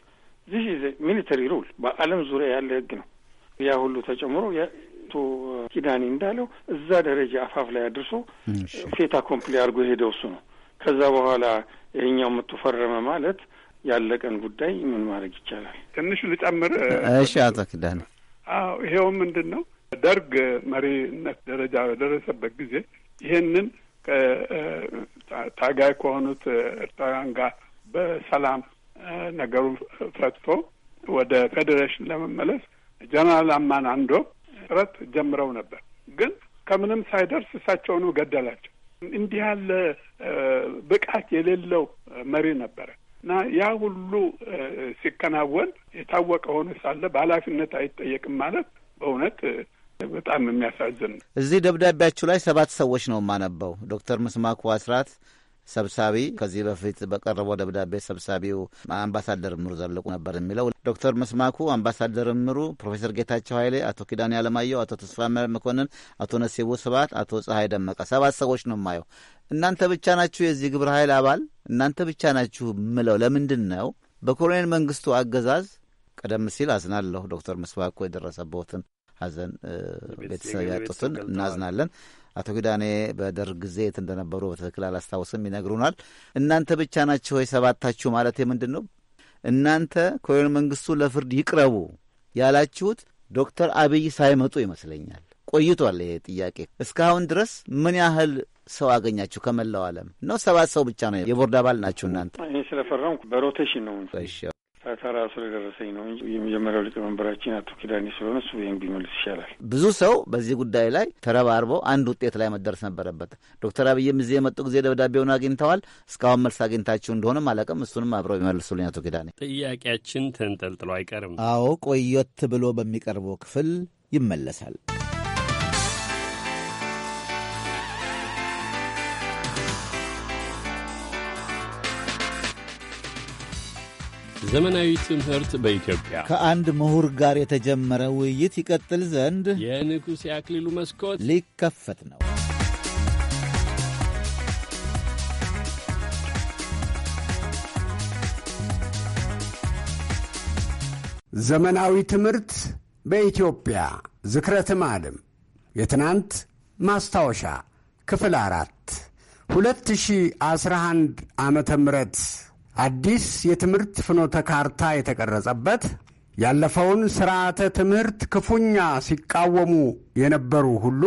Speaker 4: ዚስ ኢዝ ሚሊተሪ ሩል በዓለም ዙሪያ ያለ ህግ ነው። ያ ሁሉ ተጨምሮ አቶ ኪዳኔ እንዳለው እዛ ደረጃ አፋፍ ላይ አድርሶ ፌታ ኮምፕሊ አድርጎ የሄደው እሱ ነው። ከዛ በኋላ ይሄኛው የምትፈረመ ማለት ያለቀን ጉዳይ ምን ማድረግ ይቻላል? ትንሹ ልጨምር።
Speaker 1: እሺ አቶ ኪዳኔ።
Speaker 4: አዎ ይሄው ምንድን ነው
Speaker 3: ደርግ መሪነት ደረጃ በደረሰበት ጊዜ ይሄንን ታጋይ ከሆኑት ኤርትራውያን ጋር በሰላም ነገሩ ፈጥቶ ወደ ፌዴሬሽን ለመመለስ ጀነራል አማን አንዶ ጥረት ጀምረው ነበር። ግን ከምንም ሳይደርስ እሳቸውኑ ገደላቸው። እንዲህ ያለ ብቃት የሌለው መሪ ነበረ እና ያ ሁሉ ሲከናወን የታወቀ ሆኖ ሳለ በኃላፊነት አይጠየቅም ማለት በእውነት በጣም የሚያሳዝን ነው።
Speaker 1: እዚህ ደብዳቤያችሁ ላይ ሰባት ሰዎች ነው የማነበው ዶክተር ምስማኩ አስራት ሰብሳቢ ከዚህ በፊት በቀረበው ደብዳቤ ሰብሳቢው አምባሳደር እምሩ ዘለቁ ነበር የሚለው ዶክተር መስማኩ፣ አምባሳደር እምሩ፣ ፕሮፌሰር ጌታቸው ኃይሌ፣ አቶ ኪዳን ያለማየው አቶ ተስፋ መኮንን፣ አቶ ነሴቡ ስባት አቶ ፀሐይ ደመቀ ሰባት ሰዎች ነው የማየው። እናንተ ብቻ ናችሁ የዚህ ግብረ ኃይል አባል እናንተ ብቻ ናችሁ ምለው ለምንድን ነው? በኮሎኔል መንግስቱ አገዛዝ ቀደም ሲል አዝናለሁ ዶክተር መስማኩ የደረሰበትን ሐዘን ቤተሰብ ያጡትን እናዝናለን። አቶ ኪዳኔ በደርግ ጊዜ የት እንደነበሩ በትክክል አላስታውስም፣ ይነግሩናል። እናንተ ብቻ ናችሁ ወይ ሰባታችሁ? ማለት ምንድን ነው እናንተ ኮሎኔል መንግስቱ ለፍርድ ይቅረቡ ያላችሁት ዶክተር አብይ ሳይመጡ ይመስለኛል። ቆይቷል ይሄ ጥያቄ። እስካሁን ድረስ ምን ያህል ሰው አገኛችሁ? ከመላው ዓለም ነው? ሰባት ሰው ብቻ ነው? የቦርድ አባል ናችሁ እናንተ?
Speaker 4: እኔ ስለፈራው በሮቴሽን ነው። እሺ ሳተራ ስለደረሰኝ ነው እንጂ የመጀመሪያው ሊቀመንበራችን አቶ ኪዳኔ ስለሆነ እሱ ይህን ቢመልስ ይሻላል።
Speaker 1: ብዙ ሰው በዚህ ጉዳይ ላይ ተረባርቦ አንድ ውጤት ላይ መደረስ ነበረበት። ዶክተር አብይም እዚህ የመጡ ጊዜ ደብዳቤውን አግኝተዋል። እስካሁን መልስ አግኝታችሁ እንደሆነም አላውቅም። እሱንም አብረው ቢመልሱልኝ አቶ ኪዳኔ።
Speaker 2: ጥያቄያችን ተንጠልጥሎ አይቀርም። አዎ
Speaker 1: ቆየት ብሎ በሚቀርበው ክፍል ይመለሳል። ዘመናዊ ትምህርት በኢትዮጵያ ከአንድ ምሁር ጋር የተጀመረ ውይይት ይቀጥል ዘንድ የንጉሥ የአክሊሉ መስኮት ሊከፈት ነው።
Speaker 10: ዘመናዊ ትምህርት በኢትዮጵያ ዝክረት ትማልም የትናንት ማስታወሻ ክፍል አራት 2011 ዓ ም አዲስ የትምህርት ፍኖተ ካርታ የተቀረጸበት ያለፈውን ስርዓተ ትምህርት ክፉኛ ሲቃወሙ የነበሩ ሁሉ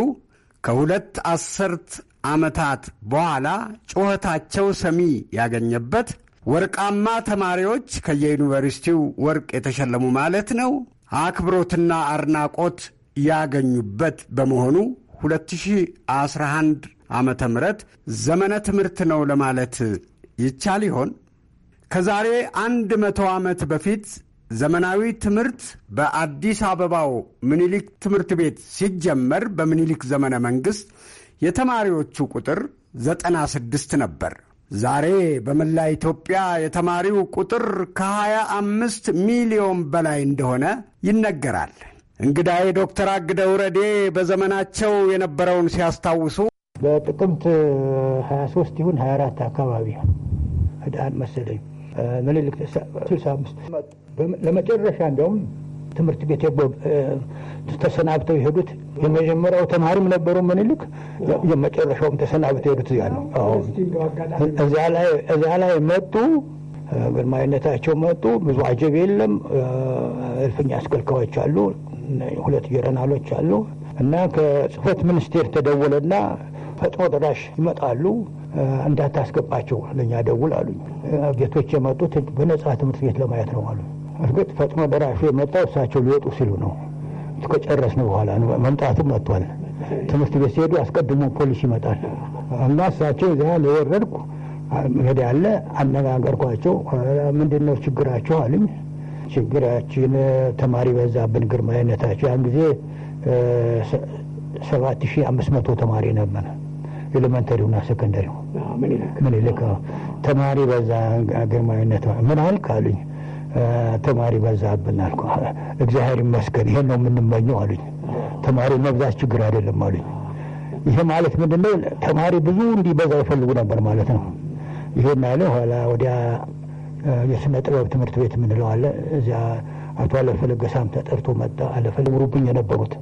Speaker 10: ከሁለት አስርት ዓመታት በኋላ ጩኸታቸው ሰሚ ያገኘበት ወርቃማ ተማሪዎች ከየዩኒቨርሲቲው ወርቅ የተሸለሙ ማለት ነው አክብሮትና አድናቆት ያገኙበት በመሆኑ 2011 ዓ ም ዘመነ ትምህርት ነው ለማለት ይቻል ይሆን? ከዛሬ አንድ መቶ ዓመት በፊት ዘመናዊ ትምህርት በአዲስ አበባው ምኒልክ ትምህርት ቤት ሲጀመር በምኒልክ ዘመነ መንግሥት የተማሪዎቹ ቁጥር 96 ነበር። ዛሬ በመላ ኢትዮጵያ የተማሪው ቁጥር ከ25 ሚሊዮን በላይ እንደሆነ ይነገራል። እንግዳዬ ዶክተር አግደ ውረዴ በዘመናቸው የነበረውን ሲያስታውሱ
Speaker 11: በጥቅምት 23 ይሁን 24 አካባቢ ህዳር መሰለኝ ምኒልክ 65 ለመጨረሻ እንዲያውም ትምህርት ቤት ተሰናብተው የሄዱት የመጀመሪያው ተማሪም ነበሩ ምኒልክ፣ የመጨረሻውም ተሰናብተው የሄዱት እዚያ ነው። እዚያ ላይ መጡ። ግርማዊነታቸው መጡ። ብዙ አጀብ የለም። እልፍኛ አስከልካዮች አሉ፣ ሁለት ጀረናሎች አሉ እና ከጽህፈት ሚኒስቴር ተደወለና ፈጥኖ ደራሽ ይመጣሉ፣ እንዳታስገባቸው ለእኛ ደውል አሉኝ። ጌቶች የመጡት በነጻ ትምህርት ቤት ለማየት ነው አሉ። እርግጥ ፈጥኖ ደራሹ የመጣው እሳቸው ሊወጡ ሲሉ ነው። ከጨረስን በኋላ መምጣትም መጥቷል። ትምህርት ቤት ሲሄዱ አስቀድሞ ፖሊስ ይመጣል እና እሳቸው እዚያ ለወረድኩ ሄድ ያለ አነጋገርኳቸው። ምንድን ነው ችግራቸው አሉኝ። ችግራችን ተማሪ በዛብን ግርማዊነታቸው ያን ጊዜ ሰባት ሺህ አምስት መቶ ተማሪ ነበር። ኤሌመንተሪውና ምን ምኒልክ ተማሪ በዛ ግርማዊነት ምን አልክ አሉኝ። ተማሪ በዛብን አልኩ። እግዚአብሔር ይመስገን ይሄን ነው የምንመኘው አሉኝ። ተማሪ መብዛት ችግር አይደለም አሉኝ። ይሄ ማለት ምንድን ነው? ተማሪ ብዙ እንዲበዛ ይፈልጉ ነበር ማለት ነው። ይሄን ያለ ኋላ ወዲያ የስነ ጥበብ ትምህርት ቤት የምንለው አለ እዚያ አቶ ገሳም ተጠርቶ መጣ። አለፈለ ውሩብኝ የነበሩት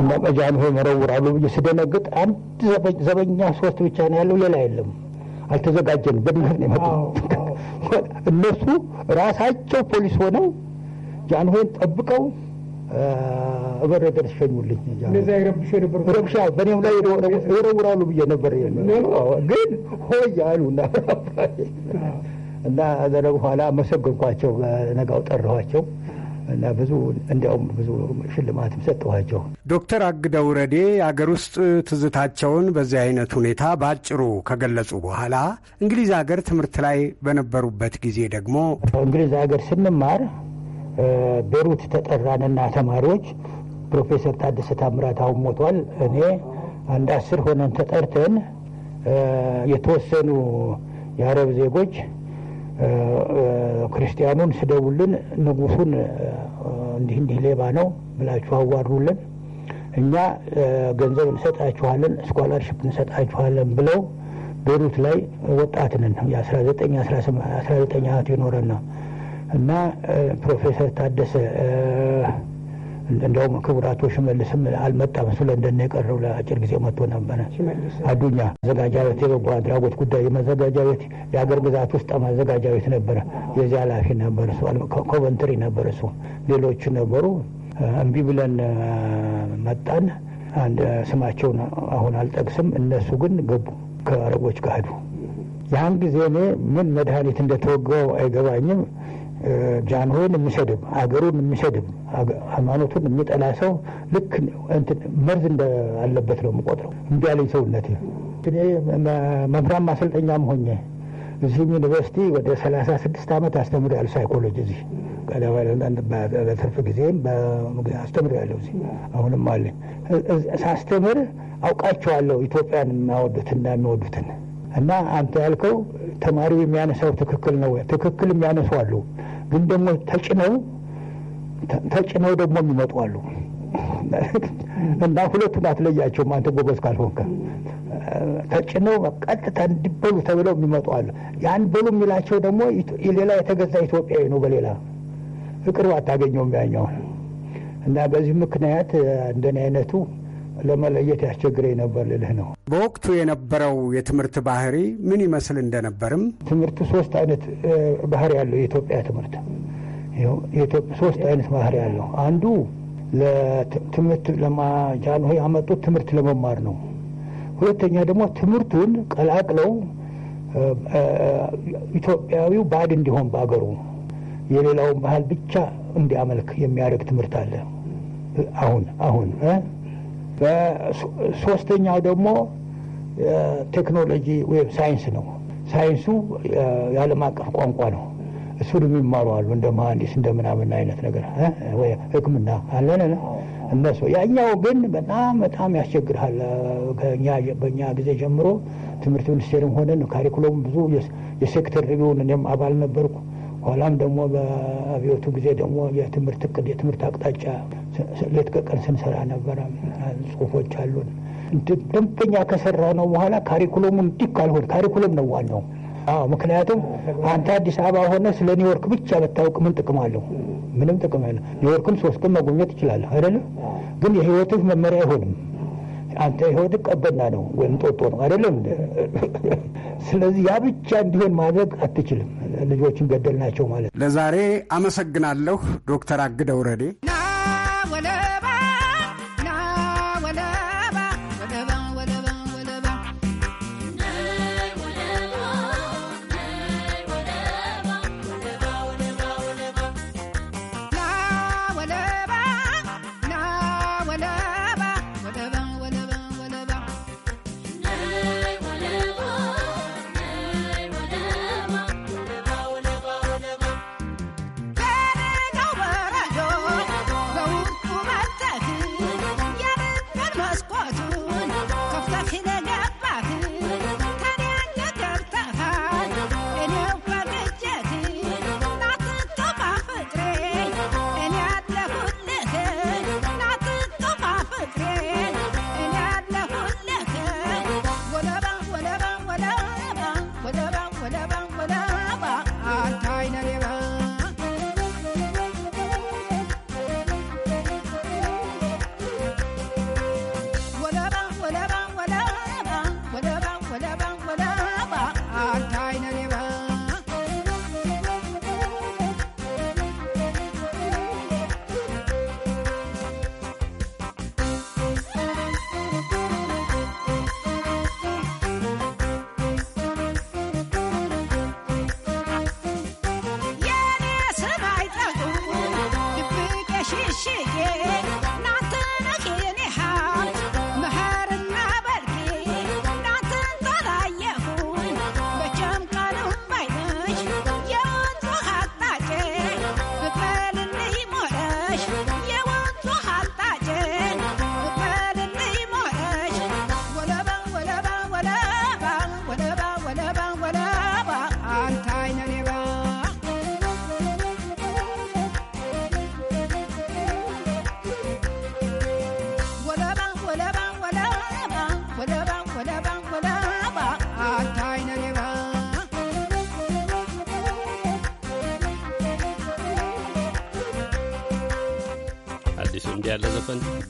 Speaker 11: እና ቀጃን ሆይ መረውራሉ ብዬ ስደነግጥ አንድ ዘበኛ ሶስት ብቻ ነው ያለው፣ ሌላ የለም። አልተዘጋጀን በድነት ነው የመጡ እነሱ ራሳቸው ፖሊስ ሆነው ጃንሆይን ጠብቀው እበረደር ደርስ ሸኙልኝ። ረብሻ በእኔም ላይ ይረውራሉ ብዬ ነበር ግን ሆይ አሉና እና አደረጉ በኋላ መሰገንኳቸው። ነጋው ጠራኋቸው እና ብዙ እንዲያውም ብዙ ሽልማትም ሰጠኋቸው።
Speaker 10: ዶክተር አግደው ረዴ አገር ውስጥ ትዝታቸውን በዚህ አይነት ሁኔታ በአጭሩ ከገለጹ
Speaker 11: በኋላ እንግሊዝ ሀገር ትምህርት ላይ በነበሩበት ጊዜ ደግሞ እንግሊዝ ሀገር ስንማር ቤሩት ተጠራንና ተማሪዎች ፕሮፌሰር ታደሰ ታምራት አሁን ሞቷል። እኔ አንድ አስር ሆነን ተጠርተን የተወሰኑ የአረብ ዜጎች ክርስቲያኑን ስደውልን ንጉሱን እንዲህ እንዲህ ሌባ ነው ብላችሁ አዋሩልን፣ እኛ ገንዘብ እንሰጣችኋለን፣ ስኮላርሽፕ እንሰጣችኋለን ብለው ቤሩት ላይ ወጣትንን የ19 ዓመት ይኖረና እና ፕሮፌሰር ታደሰ እንደውም ክቡራቶ ሽመልስም አልመጣም ስለ እንደነ የቀረው ለአጭር ጊዜ መጥቶ ነበረ። አዱኛ ማዘጋጃ ቤት የበጎ አድራጎት ጉዳይ መዘጋጃ ቤት የአገር ግዛት ውስጥ ማዘጋጃ ቤት ነበረ። የዚያ ኃላፊ ነበረ፣ ኮቨንትሪ ነበረ እሱ። ሌሎቹ ነበሩ። እምቢ ብለን መጣን። አንድ ስማቸውን አሁን አልጠቅስም። እነሱ ግን ገቡ፣ ከአረቦች ጋር ሄዱ። ያን ጊዜ እኔ ምን መድኃኒት እንደተወጋው አይገባኝም። ጃንሆይን የሚሰድብ አገሩን የሚሰድብ ሃይማኖቱን የሚጠላ ሰው ልክ መርዝ እንዳለበት ነው የምቆጥረው። እምቢ አለኝ ሰውነት። እኔ መምህራን ማሰልጠኛም ሆኜ እዚህም ዩኒቨርሲቲ ወደ ሰላሳ ስድስት ዓመት አስተምሬያለሁ ሳይኮሎጂ እዚህ በትርፍ ጊዜም አስተምሬያለሁ። እዚህ አሁንም አለኝ ሳስተምር አውቃቸዋለሁ ኢትዮጵያን የማወዱትና የሚወዱትን እና አንተ ያልከው ተማሪው የሚያነሳው ትክክል ነው። ትክክል የሚያነሱ አሉ፣ ግን ደግሞ ተጭነው ተጭነው ደግሞ የሚመጡ አሉ። እና ሁለቱን አትለያቸውም አንተ ጎበዝ ካልሆንከ። ተጭነው ቀጥታ እንዲበሉ ተብለው የሚመጡ አሉ። ያን በሉ የሚላቸው ደግሞ ሌላ የተገዛ ኢትዮጵያዊ ነው። በሌላ ፍቅር አታገኘውም ያኛው። እና በዚህ ምክንያት እንደኔ አይነቱ ለመለየት ያስቸግረኝ ነበር ልልህ ነው።
Speaker 10: በወቅቱ የነበረው የትምህርት ባህሪ ምን ይመስል እንደነበርም
Speaker 11: ትምህርቱ ሶስት አይነት ባህሪ ያለው የኢትዮጵያ ትምህርት ሶስት አይነት ባህሪ ያለው አንዱ ለትምህርት ለማጃን ያመጡት ትምህርት ለመማር ነው። ሁለተኛ ደግሞ ትምህርቱን ቀላቅለው ኢትዮጵያዊው ባድ እንዲሆን በአገሩ የሌላውን ባህል ብቻ እንዲያመልክ የሚያደርግ ትምህርት አለ። አሁን አሁን በሶስተኛው ደግሞ ቴክኖሎጂ ወይም ሳይንስ ነው። ሳይንሱ የዓለም አቀፍ ቋንቋ ነው። እሱንም ይማሩ አሉ እንደ መሀንዲስ እንደምናምን አይነት ነገር ወይ ሕክምና አለን እነሱ። ያኛው ግን በጣም በጣም ያስቸግርሃል። በእኛ ጊዜ ጀምሮ ትምህርት ሚኒስቴርም ሆነን ካሪኩሎም ብዙ የሴክተር ሪቪውን እኔም አባል ነበርኩ ኋላም ደግሞ በአብዮቱ ጊዜ ደግሞ የትምህርት እቅድ የትምህርት አቅጣጫ ሌት ከቀን ስንሰራ ነበረ። ጽሁፎች አሉን። ደንበኛ ከሰራ ነው በኋላ ካሪኩለሙ እንዲህ ካልሆን ካሪኩለም ነው ዋናው። አዎ ምክንያቱም አንተ አዲስ አበባ ሆነ ስለ ኒውዮርክ ብቻ ብታውቅ ምን ጥቅም አለው? ምንም ጥቅም ያለ ኒውዮርክም ሶስት ቀን መጎብኘት ይችላል አይደለም። ግን የህይወትህ መመሪያ አይሆንም። አንተ ይኸው ቀበና ነው ወይም ጦጦ ነው አይደለም። ስለዚህ ያ ብቻ እንዲሆን ማድረግ አትችልም። ልጆችን ገደልናቸው ማለት ነው።
Speaker 10: ለዛሬ አመሰግናለሁ ዶክተር አግደ ውረዴ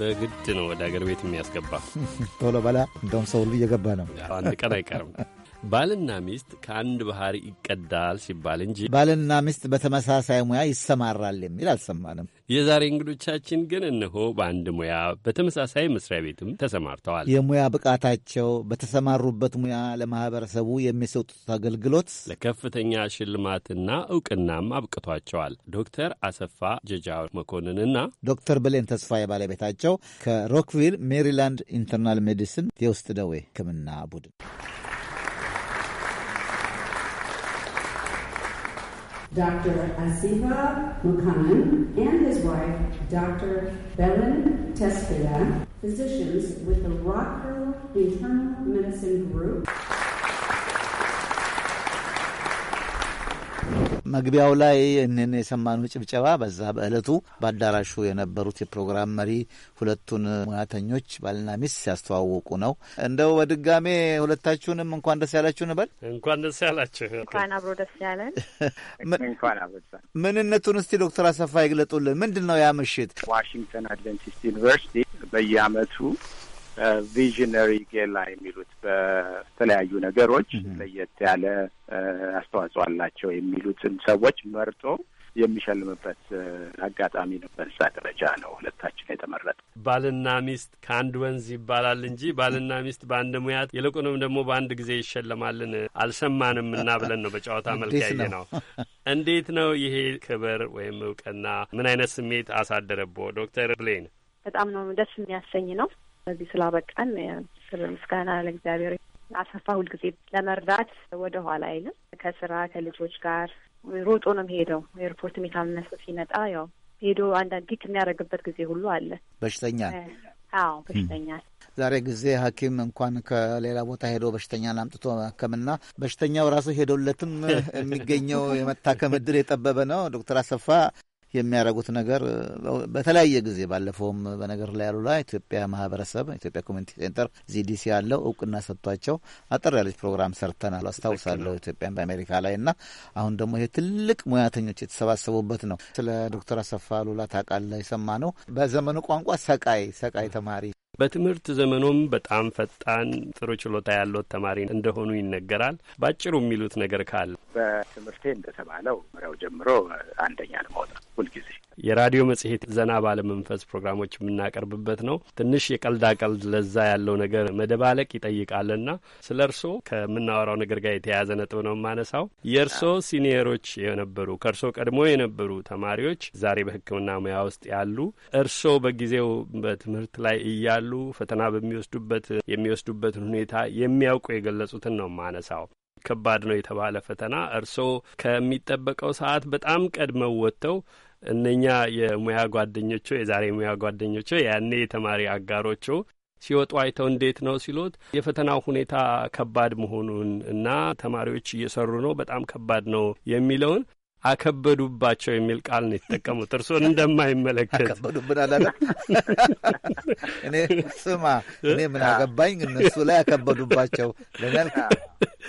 Speaker 2: በግድ ነው ወደ አገር ቤት የሚያስገባ።
Speaker 1: ቶሎ በላ እንደውም ሰው ሁሉ እየገባ ነው። አንድ ቀን አይቀርም።
Speaker 2: ባልና ሚስት ከአንድ ባህር ይቀዳል ሲባል እንጂ
Speaker 1: ባልና ሚስት በተመሳሳይ ሙያ ይሰማራል የሚል አልሰማንም።
Speaker 2: የዛሬ እንግዶቻችን ግን እነሆ በአንድ ሙያ በተመሳሳይ መስሪያ ቤትም ተሰማርተዋል። የሙያ
Speaker 1: ብቃታቸው በተሰማሩበት ሙያ ለማህበረሰቡ የሚሰጡት አገልግሎት
Speaker 2: ለከፍተኛ ሽልማትና እውቅናም አብቅቷቸዋል። ዶክተር አሰፋ ጀጃ መኮንንና
Speaker 1: ዶክተር ብሌን ተስፋ ባለቤታቸው ከሮክቪል ሜሪላንድ ኢንተርናል ሜዲሲን የውስጥ ደዌ ሕክምና ቡድን
Speaker 5: Dr. Asifa
Speaker 3: Mukhan and his wife, Dr. Belen Tespia, physicians with the Rock Hill Internal Medicine Group.
Speaker 1: መግቢያው ላይ ይህንን የሰማነው ጭብጨባ በዛ በእለቱ በአዳራሹ የነበሩት የፕሮግራም መሪ ሁለቱን ሙያተኞች ባልና ሚስት ሲያስተዋውቁ ነው። እንደው በድጋሜ ሁለታችሁንም እንኳን ደስ ያላችሁ ንበል።
Speaker 2: እንኳን ደስ ያላችሁ።
Speaker 4: እንኳን አብሮ ደስ ያለን።
Speaker 1: ምንነቱን እስቲ ዶክተር አሰፋ ይግለጡልን። ምንድን ነው ያ ምሽት? ዋሽንግተን አድቨንቲስት ዩኒቨርሲቲ በየአመቱ ቪዥነሪ ጌላ የሚሉት በተለያዩ ነገሮች ለየት
Speaker 11: ያለ አስተዋጽኦ አላቸው የሚሉትን ሰዎች መርጦ የሚሸልምበት አጋጣሚ ነው። በዛ ደረጃ ነው ሁለታችን
Speaker 2: የተመረጠ። ባልና ሚስት ከአንድ ወንዝ ይባላል እንጂ ባልና ሚስት በአንድ ሙያት ይልቁንም ደግሞ በአንድ ጊዜ ይሸለማልን አልሰማንም እና ብለን ነው በጨዋታ መልክ ያየ ነው። እንዴት ነው ይሄ ክብር ወይም እውቅና ምን አይነት ስሜት አሳደረቦ ዶክተር ብሌን?
Speaker 5: በጣም ነው ደስ የሚያሰኝ ነው። እዚህ ስላበቃን ክብር ምስጋና ለእግዚአብሔር። አሰፋ ሁልጊዜ ለመርዳት
Speaker 4: ወደ ኋላ አይልም። ከስራ ከልጆች ጋር ሮጦ ነው ሄደው ኤርፖርት የታመመ ሲመጣ ያው ሄዶ አንዳንድ ዲክ የሚያደርግበት ጊዜ ሁሉ አለ። በሽተኛ አዎ በሽተኛ
Speaker 1: ዛሬ ጊዜ ሐኪም እንኳን ከሌላ ቦታ ሄዶ በሽተኛ ላምጥቶ መከምና በሽተኛው ራሱ ሄዶለትም የሚገኘው የመታከም እድል የጠበበ ነው። ዶክተር አሰፋ የሚያደርጉት ነገር በተለያየ ጊዜ ባለፈውም በነገር ላይ ያሉ ላይ ኢትዮጵያ ማህበረሰብ ኢትዮጵያ ኮሚኒቲ ሴንተር ዚዲሲ ያለው እውቅና ሰጥቷቸው አጠር ያለች ፕሮግራም ሰርተናል፣ አስታውሳለሁ ኢትዮጵያን በአሜሪካ ላይ እና አሁን ደግሞ ይሄ ትልቅ ሙያተኞች የተሰባሰቡበት ነው። ስለ ዶክተር አሰፋ ሉላ ታውቃለህ? የሰማ ነው። በዘመኑ ቋንቋ ሰቃይ ሰቃይ ተማሪ
Speaker 2: በትምህርት ዘመኖም በጣም ፈጣን ጥሩ ችሎታ ያለት ተማሪ እንደሆኑ ይነገራል። ባጭሩ የሚሉት ነገር ካለ
Speaker 11: በትምህርቴ እንደተባለው ምረው ጀምሮ አንደኛ ነው
Speaker 2: ሁልጊዜ የራዲዮ መጽሔት ዘና ባለመንፈስ ፕሮግራሞች የምናቀርብበት ነው። ትንሽ የቀልዳ ቀልድ ለዛ ያለው ነገር መደባለቅ ይጠይቃልና ስለ እርስዎ ከምናወራው ነገር ጋር የተያያዘ ነጥብ ነው የማነሳው። የእርስዎ ሲኒየሮች የነበሩ ከእርስዎ ቀድሞ የነበሩ ተማሪዎች፣ ዛሬ በሕክምና ሙያ ውስጥ ያሉ እርስዎ በጊዜው በትምህርት ላይ እያሉ ፈተና በሚወስዱበት የሚወስዱበትን ሁኔታ የሚያውቁ የገለጹትን ነው የማነሳው። ከባድ ነው የተባለ ፈተና እርስዎ ከሚጠበቀው ሰዓት በጣም ቀድመው ወጥተው እነኛ የሙያ ጓደኞቹ የዛሬ ሙያ ጓደኞቹ ያኔ የተማሪ አጋሮቹ ሲወጡ አይተው እንዴት ነው ሲሉት የፈተናው ሁኔታ ከባድ መሆኑን እና ተማሪዎች እየሰሩ ነው፣ በጣም ከባድ ነው የሚለውን አከበዱባቸው የሚል ቃል ነው የተጠቀሙት። እርስዎን እንደማይመለከት አከበዱብን አላለ። እኔ
Speaker 1: ስማ እኔ ምን አገባኝ እነሱ ላይ አከበዱባቸው ለሚያልክ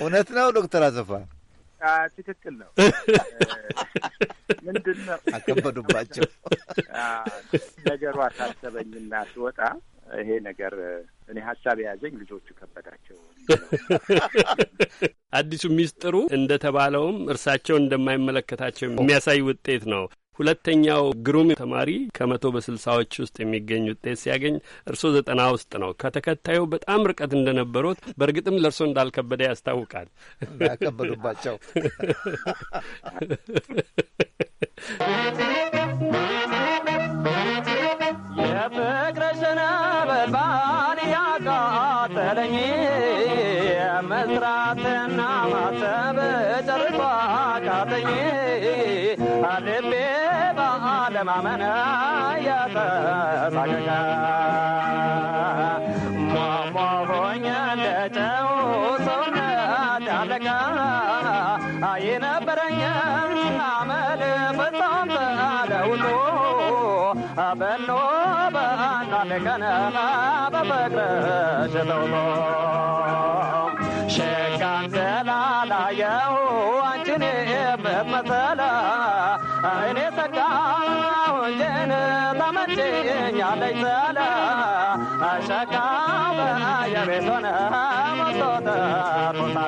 Speaker 1: እውነት ነው ዶክተር አሰፋ ትክክል ነው። ምንድን
Speaker 11: ነው አከበዱባቸው ነገሩ አሳሰበኝና ስወጣ ይሄ ነገር እኔ ሀሳብ የያዘኝ ልጆቹ ከበዳቸው።
Speaker 2: አዲሱ ሚስጥሩ እንደተባለውም እርሳቸው እንደማይመለከታቸው የሚያሳይ ውጤት ነው። ሁለተኛው ግሩም ተማሪ ከመቶ በስልሳዎች ውስጥ የሚገኝ ውጤት ሲያገኝ እርስዎ ዘጠና ውስጥ ነው። ከተከታዩ በጣም ርቀት እንደነበሩት በእርግጥም ለእርስዎ እንዳልከበደ ያስታውቃል። ያከበዱባቸው
Speaker 8: የፍቅርሽን ያቃጠለኝ መስራትና እየለማመነ እየተሳቀቀ ሟሟ ሆኜ እንደጨው ሰውነት ያለቀ የነበረኝ አመል ፍጹም ተለውጦ በኖ በአንድ ቀን በፍቅርሽ ተውሎ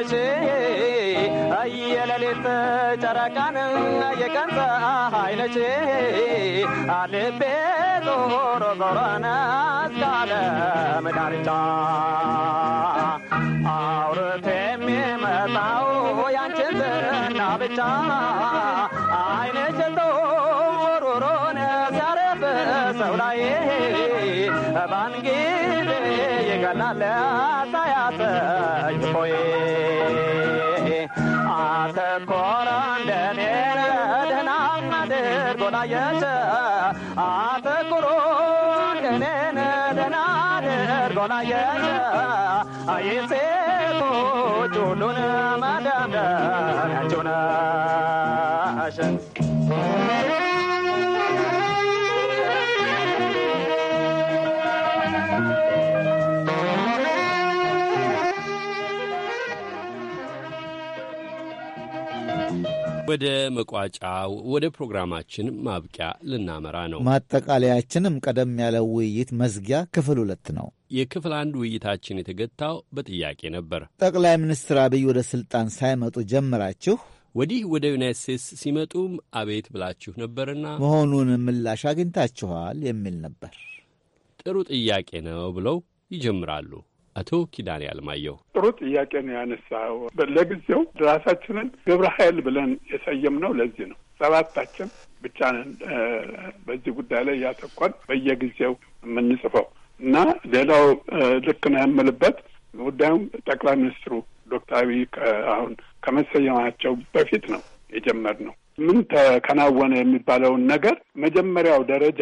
Speaker 8: መሸ የሌሊት ጨረቃንና የቀን ፀሐይ ነች አልቤ ዞሮ ዞሮና የሚመጣው ያንችን ዝና ብቻ አይነች ሩሮን ሲያረፍ ሰው ላይ ጠጅሆይ አተኮረ እንደኔ ደህና አድርጎ ላየች አተኩሮ እንደኔን ደህና አድርጎ ላየች አይ ሴቶች ሁሉን መደምደሚያችሁ ነው
Speaker 2: ወደ መቋጫ ወደ ፕሮግራማችን ማብቂያ ልናመራ ነው።
Speaker 1: ማጠቃለያችንም ቀደም ያለው ውይይት መዝጊያ ክፍል ሁለት ነው።
Speaker 2: የክፍል አንድ ውይይታችን የተገታው በጥያቄ ነበር።
Speaker 1: ጠቅላይ ሚኒስትር አብይ ወደ ስልጣን ሳይመጡ ጀምራችሁ
Speaker 2: ወዲህ ወደ ዩናይት ስቴትስ ሲመጡም አቤት ብላችሁ ነበርና
Speaker 1: መሆኑን ምላሽ አግኝታችኋል የሚል ነበር።
Speaker 2: ጥሩ ጥያቄ ነው ብለው ይጀምራሉ። አቶ ኪዳን ያልማየው
Speaker 3: ጥሩ ጥያቄ ነው ያነሳው። ለጊዜው ራሳችንን ግብረ ኃይል ብለን የሰየምነው ለዚህ ነው። ሰባታችን ብቻ ነን በዚህ ጉዳይ ላይ እያተኳን በየጊዜው የምንጽፈው እና ሌላው ልክ ነው ያምልበት ጉዳዩም ጠቅላይ ሚኒስትሩ ዶክተር አብይ አሁን ከመሰየማቸው በፊት ነው የጀመርነው። ምን ተከናወነ የሚባለውን ነገር መጀመሪያው ደረጃ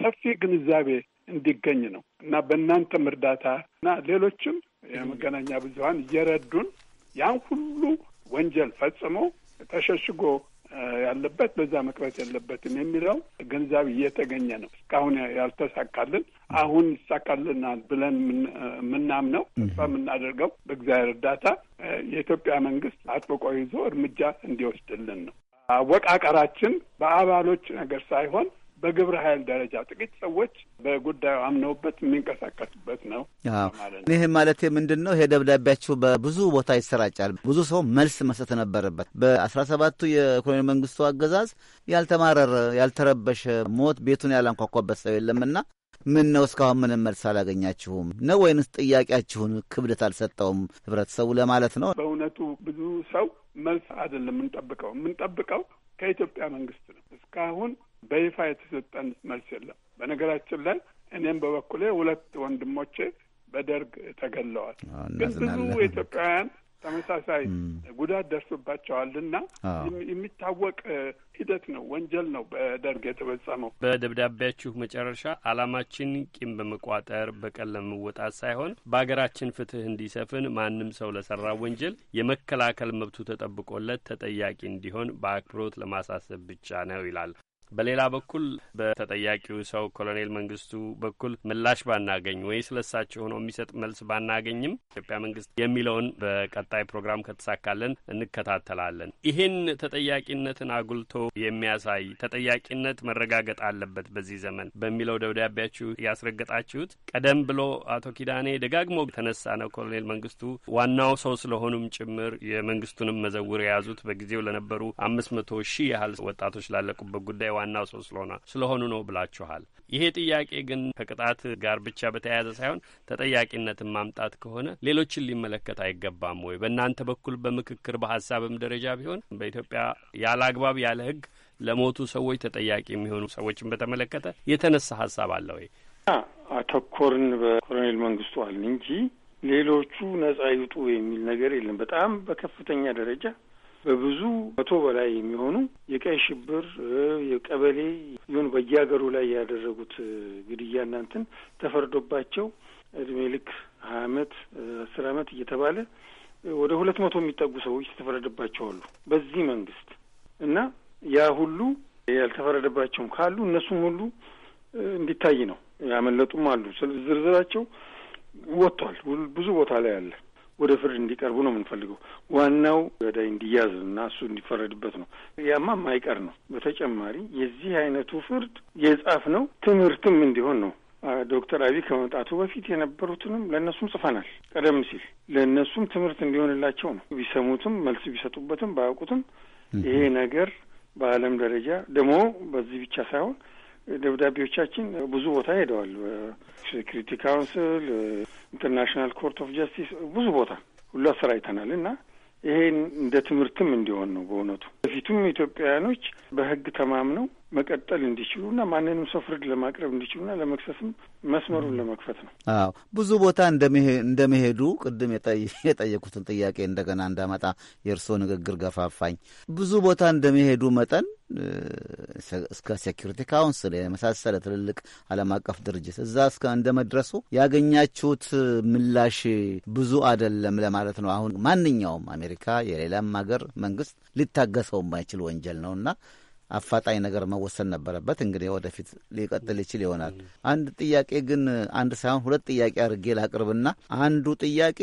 Speaker 3: ሰፊ ግንዛቤ እንዲገኝ ነው እና በእናንተም እርዳታ እና ሌሎችም የመገናኛ ብዙኃን እየረዱን ያን ሁሉ ወንጀል ፈጽሞ ተሸሽጎ ያለበት በዛ መቅረት የለበትም የሚለው ግንዛቤ እየተገኘ ነው። እስካሁን ያልተሳካልን አሁን ይሳካልናል ብለን የምናምነው ተስፋ የምናደርገው በእግዚአብሔር እርዳታ የኢትዮጵያ መንግስት አጥብቆ ይዞ እርምጃ እንዲወስድልን ነው። አወቃቀራችን በአባሎች ነገር ሳይሆን በግብረ ኃይል ደረጃ ጥቂት ሰዎች በጉዳዩ አምነውበት የሚንቀሳቀሱበት ነው ማለት ነው።
Speaker 1: ይህ ማለት ምንድን ነው? ይሄ ደብዳቤያችሁ በብዙ ቦታ ይሰራጫል። ብዙ ሰው መልስ መስጠት ነበረበት። በአስራ ሰባቱ የኮሎኔል መንግስቱ አገዛዝ ያልተማረረ ያልተረበሸ ሞት ቤቱን ያላንኳኳበት ሰው የለምና ምን ነው እስካሁን ምንም መልስ አላገኛችሁም ነው ወይንስ ጥያቄያችሁን ክብደት አልሰጠውም ህብረተሰቡ ለማለት ነው?
Speaker 3: በእውነቱ ብዙ ሰው መልስ አይደለም የምንጠብቀው የምንጠብቀው ከኢትዮጵያ መንግስት ነው እስካሁን በይፋ የተሰጠን መልስ የለም። በነገራችን ላይ እኔም በበኩሌ ሁለት ወንድሞቼ በደርግ ተገለዋል። ግን ብዙ ኢትዮጵያውያን ተመሳሳይ ጉዳት ደርሶባቸዋልና የሚታወቅ ሂደት ነው፣ ወንጀል ነው በደርግ የተፈጸመው።
Speaker 2: በደብዳቤያችሁ መጨረሻ አላማችን ቂም በመቋጠር በቀል ለመወጣት ሳይሆን በሀገራችን ፍትህ እንዲሰፍን ማንም ሰው ለሰራ ወንጀል የመከላከል መብቱ ተጠብቆለት ተጠያቂ እንዲሆን በአክብሮት ለማሳሰብ ብቻ ነው ይላል። በሌላ በኩል በተጠያቂው ሰው ኮሎኔል መንግስቱ በኩል ምላሽ ባናገኝ ወይ ስለሳቸው ሆኖ የሚሰጥ መልስ ባናገኝም ኢትዮጵያ መንግስት የሚለውን በቀጣይ ፕሮግራም ከተሳካለን እንከታተላለን። ይህን ተጠያቂነትን አጉልቶ የሚያሳይ ተጠያቂነት መረጋገጥ አለበት በዚህ ዘመን በሚለው ደብዳቤያችሁ ያስረገጣችሁት ቀደም ብሎ አቶ ኪዳኔ ደጋግሞ ተነሳ ነው ኮሎኔል መንግስቱ ዋናው ሰው ስለሆኑም ጭምር የመንግስቱንም መዘውር የያዙት በጊዜው ለነበሩ አምስት መቶ ሺህ ያህል ወጣቶች ላለቁበት ጉዳይ ዋናው ሰው ስለሆነ ስለሆኑ ነው ብላችኋል። ይሄ ጥያቄ ግን ከቅጣት ጋር ብቻ በተያያዘ ሳይሆን ተጠያቂነትን ማምጣት ከሆነ ሌሎችን ሊመለከት አይገባም ወይ? በእናንተ በኩል በምክክር በሀሳብም ደረጃ ቢሆን በኢትዮጵያ ያለ አግባብ ያለ ህግ ለሞቱ ሰዎች ተጠያቂ የሚሆኑ ሰዎችን በተመለከተ የተነሳ ሀሳብ አለ ወይ?
Speaker 4: አተኮርን በኮሎኔል መንግስቱ አልን እንጂ ሌሎቹ ነጻ ይውጡ የሚል ነገር የለም። በጣም በከፍተኛ ደረጃ በብዙ መቶ በላይ የሚሆኑ የቀይ ሽብር የቀበሌ ይሁን በየሀገሩ ላይ ያደረጉት ግድያ እናንትን ተፈርዶባቸው እድሜ ልክ ሀያ አመት አስር አመት እየተባለ ወደ ሁለት መቶ የሚጠጉ ሰዎች የተፈረደባቸው አሉ በዚህ መንግስት እና ያ ሁሉ ያልተፈረደባቸውም ካሉ እነሱም ሁሉ እንዲታይ ነው። ያመለጡም አሉ። ዝርዝራቸው ወጥቷል። ብዙ ቦታ ላይ አለ። ወደ ፍርድ እንዲቀርቡ ነው የምንፈልገው። ዋናው ገዳይ እንዲያዝ እና እሱ እንዲፈረድበት ነው። ያማ ማይቀር ነው። በተጨማሪ የዚህ አይነቱ ፍርድ የጻፍ ነው ትምህርትም እንዲሆን ነው። ዶክተር አብይ ከመምጣቱ በፊት የነበሩትንም ለእነሱም ጽፈናል። ቀደም ሲል ለእነሱም ትምህርት እንዲሆንላቸው ነው። ቢሰሙትም መልስ ቢሰጡበትም ባያውቁትም ይሄ ነገር በዓለም ደረጃ ደግሞ በዚህ ብቻ ሳይሆን ደብዳቤዎቻችን ብዙ ቦታ ሄደዋል። ሴኪሪቲ ካውንስል፣ ኢንተርናሽናል ኮርት ኦፍ ጀስቲስ ብዙ ቦታ ሁሉ አሰራይተናል እና ይሄን እንደ ትምህርትም እንዲሆን ነው። በእውነቱ በፊቱም ኢትዮጵያውያኖች በህግ ተማምነው መቀጠል እንዲችሉና ማንንም ሰው ፍርድ ለማቅረብ እንዲችሉና ለመክሰስም መስመሩን ለመክፈት ነው።
Speaker 1: አዎ ብዙ ቦታ እንደመሄዱ ቅድም የጠየቁትን ጥያቄ እንደገና እንዳመጣ የእርስዎ ንግግር ገፋፋኝ። ብዙ ቦታ እንደመሄዱ መጠን እስከ ሴኪሪቲ ካውንስል የመሳሰለ ትልልቅ ዓለም አቀፍ ድርጅት እዛ እስከ እንደ መድረሱ ያገኛችሁት ምላሽ ብዙ አይደለም ለማለት ነው። አሁን ማንኛውም አሜሪካ የሌላም ሀገር መንግስት ሊታገሰው የማይችል ወንጀል ነው እና አፋጣኝ ነገር መወሰን ነበረበት። እንግዲህ ወደፊት ሊቀጥል ይችል ይሆናል። አንድ ጥያቄ ግን አንድ ሳይሆን ሁለት ጥያቄ አድርጌ ላቅርብና አንዱ ጥያቄ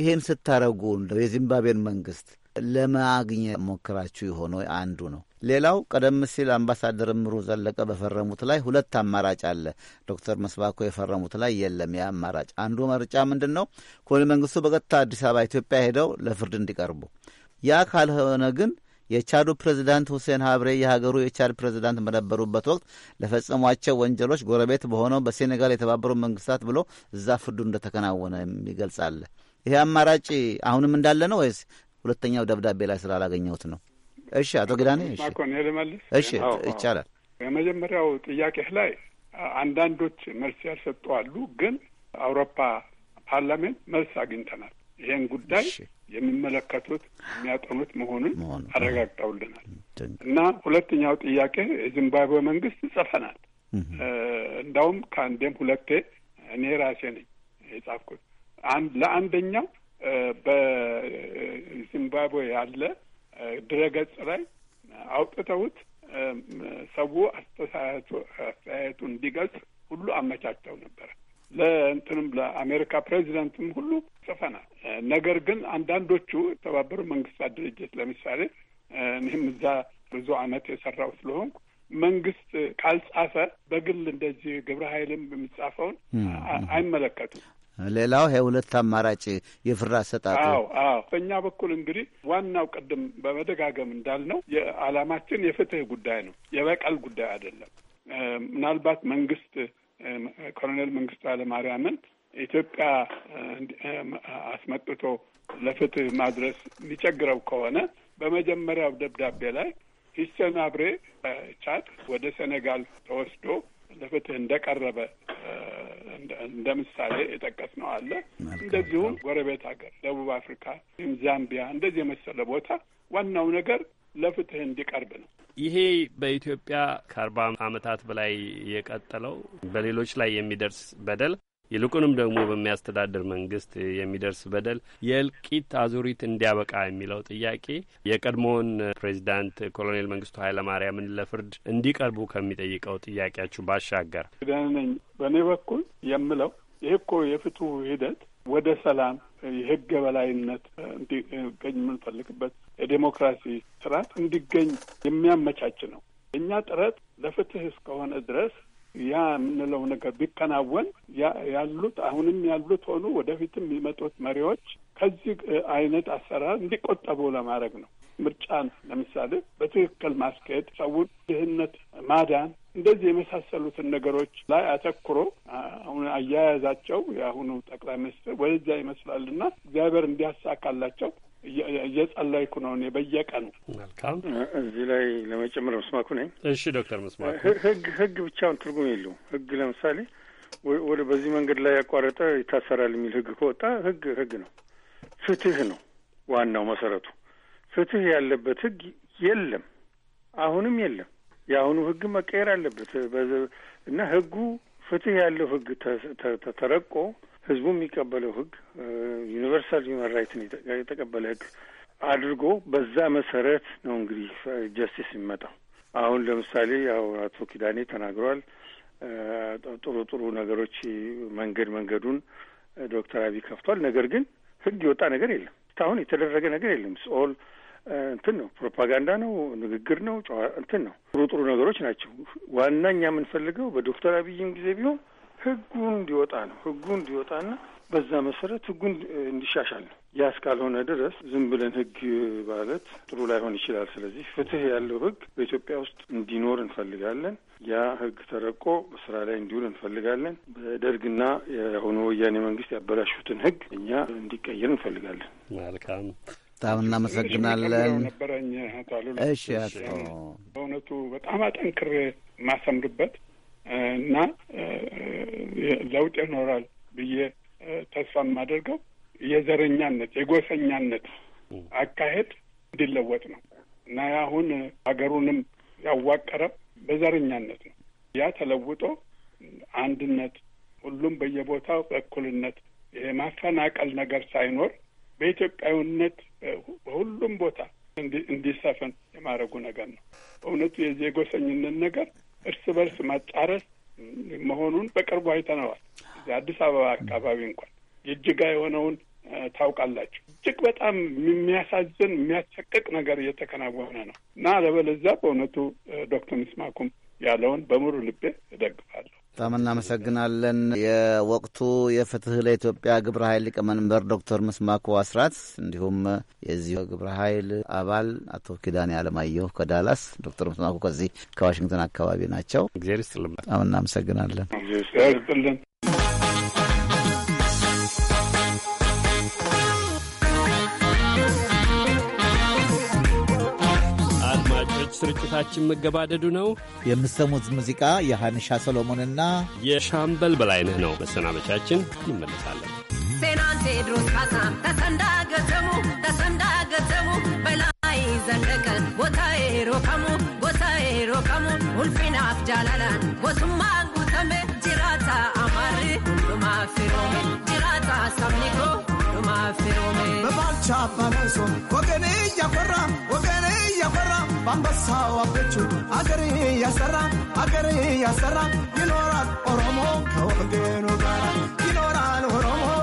Speaker 1: ይሄን ስታረጉ እንደው የዚምባብዌን መንግስት ለማግኘት ሞክራችሁ የሆነ አንዱ ነው። ሌላው ቀደም ሲል አምባሳደር እምሩ ዘለቀ በፈረሙት ላይ ሁለት አማራጭ አለ። ዶክተር መስባኮ የፈረሙት ላይ የለም ያ አማራጭ። አንዱ መርጫ ምንድን ነው? ኮሎኔል መንግስቱ በቀጥታ አዲስ አበባ ኢትዮጵያ ሄደው ለፍርድ እንዲቀርቡ። ያ ካልሆነ ግን የቻዱ ፕሬዚዳንት ሁሴን ሀብሬ የሀገሩ የቻድ ፕሬዚዳንት በነበሩበት ወቅት ለፈጸሟቸው ወንጀሎች ጎረቤት በሆነው በሴኔጋል የተባበሩ መንግስታት ብሎ እዛ ፍርዱ እንደተከናወነ ይገልጻል። ይሄ አማራጭ አሁንም እንዳለ ነው ወይስ ሁለተኛው ደብዳቤ ላይ ስላላገኘሁት ነው? እሺ፣ አቶ ግዳኔ
Speaker 3: እሺ፣ ይቻላል። የመጀመሪያው ጥያቄህ ላይ አንዳንዶች መልስ ያልሰጡ አሉ፣ ግን አውሮፓ ፓርላሜንት መልስ አግኝተናል። ይህን ጉዳይ የሚመለከቱት የሚያጠኑት መሆኑን አረጋግጠውልናል። እና ሁለተኛው ጥያቄ የዚምባብዌ መንግስት ጽፈናል። እንዳውም ከአንዴም ሁለቴ እኔ ራሴ ነኝ የጻፍኩት። ለአንደኛው በዚምባብዌ ያለ ድረገጽ ላይ አውጥተውት ሰው አስተያየቱ እንዲገልጽ ሁሉ አመቻቸው ነበረ። ለእንትንም ለአሜሪካ ፕሬዚደንትም ሁሉ ጽፈናል። ነገር ግን አንዳንዶቹ የተባበሩ መንግስታት ድርጅት ለምሳሌ እኔም እዛ ብዙ አመት የሰራው ስለሆንኩ መንግስት ካልጻፈ በግል እንደዚህ ግብረ ኃይልም የሚጻፈውን አይመለከቱም።
Speaker 1: ሌላው ይሄ ሁለት አማራጭ የፍራ አሰጣጡ። አዎ
Speaker 3: አዎ። በእኛ በኩል እንግዲህ ዋናው ቅድም በመደጋገም እንዳልነው የዓላማችን የፍትህ ጉዳይ ነው፣ የበቀል ጉዳይ አይደለም። ምናልባት መንግስት ኮሎኔል መንግስቱ ኃይለማርያምን ኢትዮጵያ አስመጥቶ ለፍትህ ማድረስ የሚቸግረው ከሆነ በመጀመሪያው ደብዳቤ ላይ ሂሰን አብሬ ቻድ ወደ ሴኔጋል ተወስዶ ለፍትህ እንደቀረበ እንደ ምሳሌ የጠቀስ ነው አለ። እንደዚሁም ጎረቤት ሀገር ደቡብ አፍሪካ፣ ዛምቢያ እንደዚህ የመሰለ ቦታ ዋናው ነገር ለፍትህ እንዲቀርብ ነው።
Speaker 2: ይሄ በኢትዮጵያ ከአርባ ዓመታት በላይ የቀጠለው በሌሎች ላይ የሚደርስ በደል ይልቁንም ደግሞ በሚያስተዳድር መንግስት የሚደርስ በደል የእልቂት አዙሪት እንዲያበቃ የሚለው ጥያቄ የቀድሞውን ፕሬዚዳንት ኮሎኔል መንግስቱ ኃይለማርያምን ለፍርድ እንዲቀርቡ ከሚጠይቀው ጥያቄያችሁ ባሻገር
Speaker 3: ነኝ። በእኔ በኩል የምለው ይህ እኮ የፍትሁ ሂደት ወደ ሰላም የህገ በላይነት እንዲገኝ የምንፈልግበት የዴሞክራሲ ስርዓት እንዲገኝ የሚያመቻች ነው። እኛ ጥረት ለፍትህ እስከሆነ ድረስ ያ የምንለው ነገር ቢከናወን ያሉት አሁንም ያሉት ሆኑ ወደፊትም የሚመጡት መሪዎች ከዚህ አይነት አሰራር እንዲቆጠቡ ለማድረግ ነው። ምርጫን ለምሳሌ በትክክል ማስካሄድ፣ ሰውን ድህነት ማዳን፣ እንደዚህ የመሳሰሉትን ነገሮች ላይ አተኩሮ አሁን አያያዛቸው የአሁኑ ጠቅላይ ሚኒስትር ወደዚያ ይመስላልና እግዚአብሔር እንዲያሳካላቸው እየጸለይኩ ነው እኔ በየቀኑ።
Speaker 4: መልካም እዚህ ላይ ለመጨመር መስማኩ ነኝ።
Speaker 2: እሺ ዶክተር መስማኩ
Speaker 4: ህግ ህግ ብቻውን ትርጉም የለው ህግ ለምሳሌ ወደ በዚህ መንገድ ላይ ያቋረጠ ይታሰራል የሚል ህግ ከወጣ ህግ ህግ ነው። ፍትህ ነው ዋናው መሰረቱ። ፍትህ ያለበት ህግ የለም፣ አሁንም የለም። የአሁኑ ህግ መቀየር አለበት እና ህጉ ፍትህ ያለው ህግ ተረቆ ህዝቡ የሚቀበለው ህግ ዩኒቨርሳል ሁማን ራይትን የተቀበለ ህግ አድርጎ በዛ መሰረት ነው እንግዲህ ጀስቲስ የሚመጣው። አሁን ለምሳሌ ያው አቶ ኪዳኔ ተናግረዋል። ጥሩ ጥሩ ነገሮች መንገድ መንገዱን ዶክተር አብይ ከፍቷል። ነገር ግን ህግ የወጣ ነገር የለም እስካሁን የተደረገ ነገር የለም። ስኦል እንትን ነው ፕሮፓጋንዳ ነው ንግግር ነው እንትን ነው ጥሩ ጥሩ ነገሮች ናቸው። ዋናኛ የምንፈልገው በዶክተር አብይም ጊዜ ቢሆን ህጉ እንዲወጣ ነው። ህጉ እንዲወጣና በዛ መሰረት ህጉን እንዲሻሻል ነው። ያ እስካልሆነ ድረስ ዝም ብለን ህግ ማለት ጥሩ ላይሆን ይችላል። ስለዚህ ፍትህ ያለው ህግ በኢትዮጵያ ውስጥ እንዲኖር እንፈልጋለን። ያ ህግ ተረቆ በስራ ላይ እንዲውል እንፈልጋለን። በደርግና የሆነ ወያኔ መንግስት ያበላሹትን ህግ እኛ እንዲቀይር እንፈልጋለን። መልካም
Speaker 1: በጣም እናመሰግናለን።
Speaker 4: ነበረኝ
Speaker 3: ታሉ እሺ፣ በእውነቱ በጣም አጠንክሬ የማሰምርበት እና ለውጥ ይኖራል ብዬ ተስፋ የማደርገው የዘረኛነት የጎሰኛነት አካሄድ እንዲለወጥ ነው እና አሁን ሀገሩንም ያዋቀረ በዘረኛነት ነው። ያ ተለውጦ አንድነት፣ ሁሉም በየቦታው በእኩልነት የማፈናቀል ነገር ሳይኖር በኢትዮጵያዊነት በሁሉም ቦታ እንዲሰፍን የማድረጉ ነገር ነው። በእውነቱ የዜጎሰኝነት ነገር እርስ በርስ መጫረስ መሆኑን በቅርቡ አይተነዋል። አዲስ አበባ አካባቢ እንኳን ጅጅጋ የሆነውን ታውቃላችሁ። እጅግ በጣም የሚያሳዝን የሚያሰቅቅ ነገር እየተከናወነ ነው እና ለበለዚያ በእውነቱ ዶክተር ምስማኩም ያለውን በሙሉ ልቤ እደግፋለሁ።
Speaker 1: በጣም እናመሰግናለን። የወቅቱ የፍትህ ለኢትዮጵያ ግብረ ኃይል ሊቀመንበር ዶክተር ምስማኮ አስራት እንዲሁም የዚሁ ግብረ ኃይል አባል አቶ ኪዳኔ አለማየሁ ከዳላስ፣ ዶክተር ምስማኮ ከዚህ ከዋሽንግተን አካባቢ ናቸው። እግዚአብሔር ይስጥልን። በጣም እናመሰግናለን።
Speaker 4: እግዚአብሔር ይስጥልን።
Speaker 2: ስርጭታችን መገባደዱ ነው።
Speaker 1: የምትሰሙት ሙዚቃ የሀንሻ ሰሎሞንና
Speaker 2: የሻምበል በላይነህ ነው። መሰናበቻችን እንመለሳለን።
Speaker 12: ተሰንዳ ገተሙ ተሰንዳ ገተሙ በላይ ዘለቀ ቦታዬ ቦታዬ ሁልፊን አፍጃላላን ጉተሜ Jirata amare, luma firome. Jirata samniko,
Speaker 8: luma firome. Bebalcha banaso, ogeni yakora, ogeni yakora. Bambasa wapechu, agari yasara, agari yasara. Inorat oromo, kogenu gara. Inoran oromo.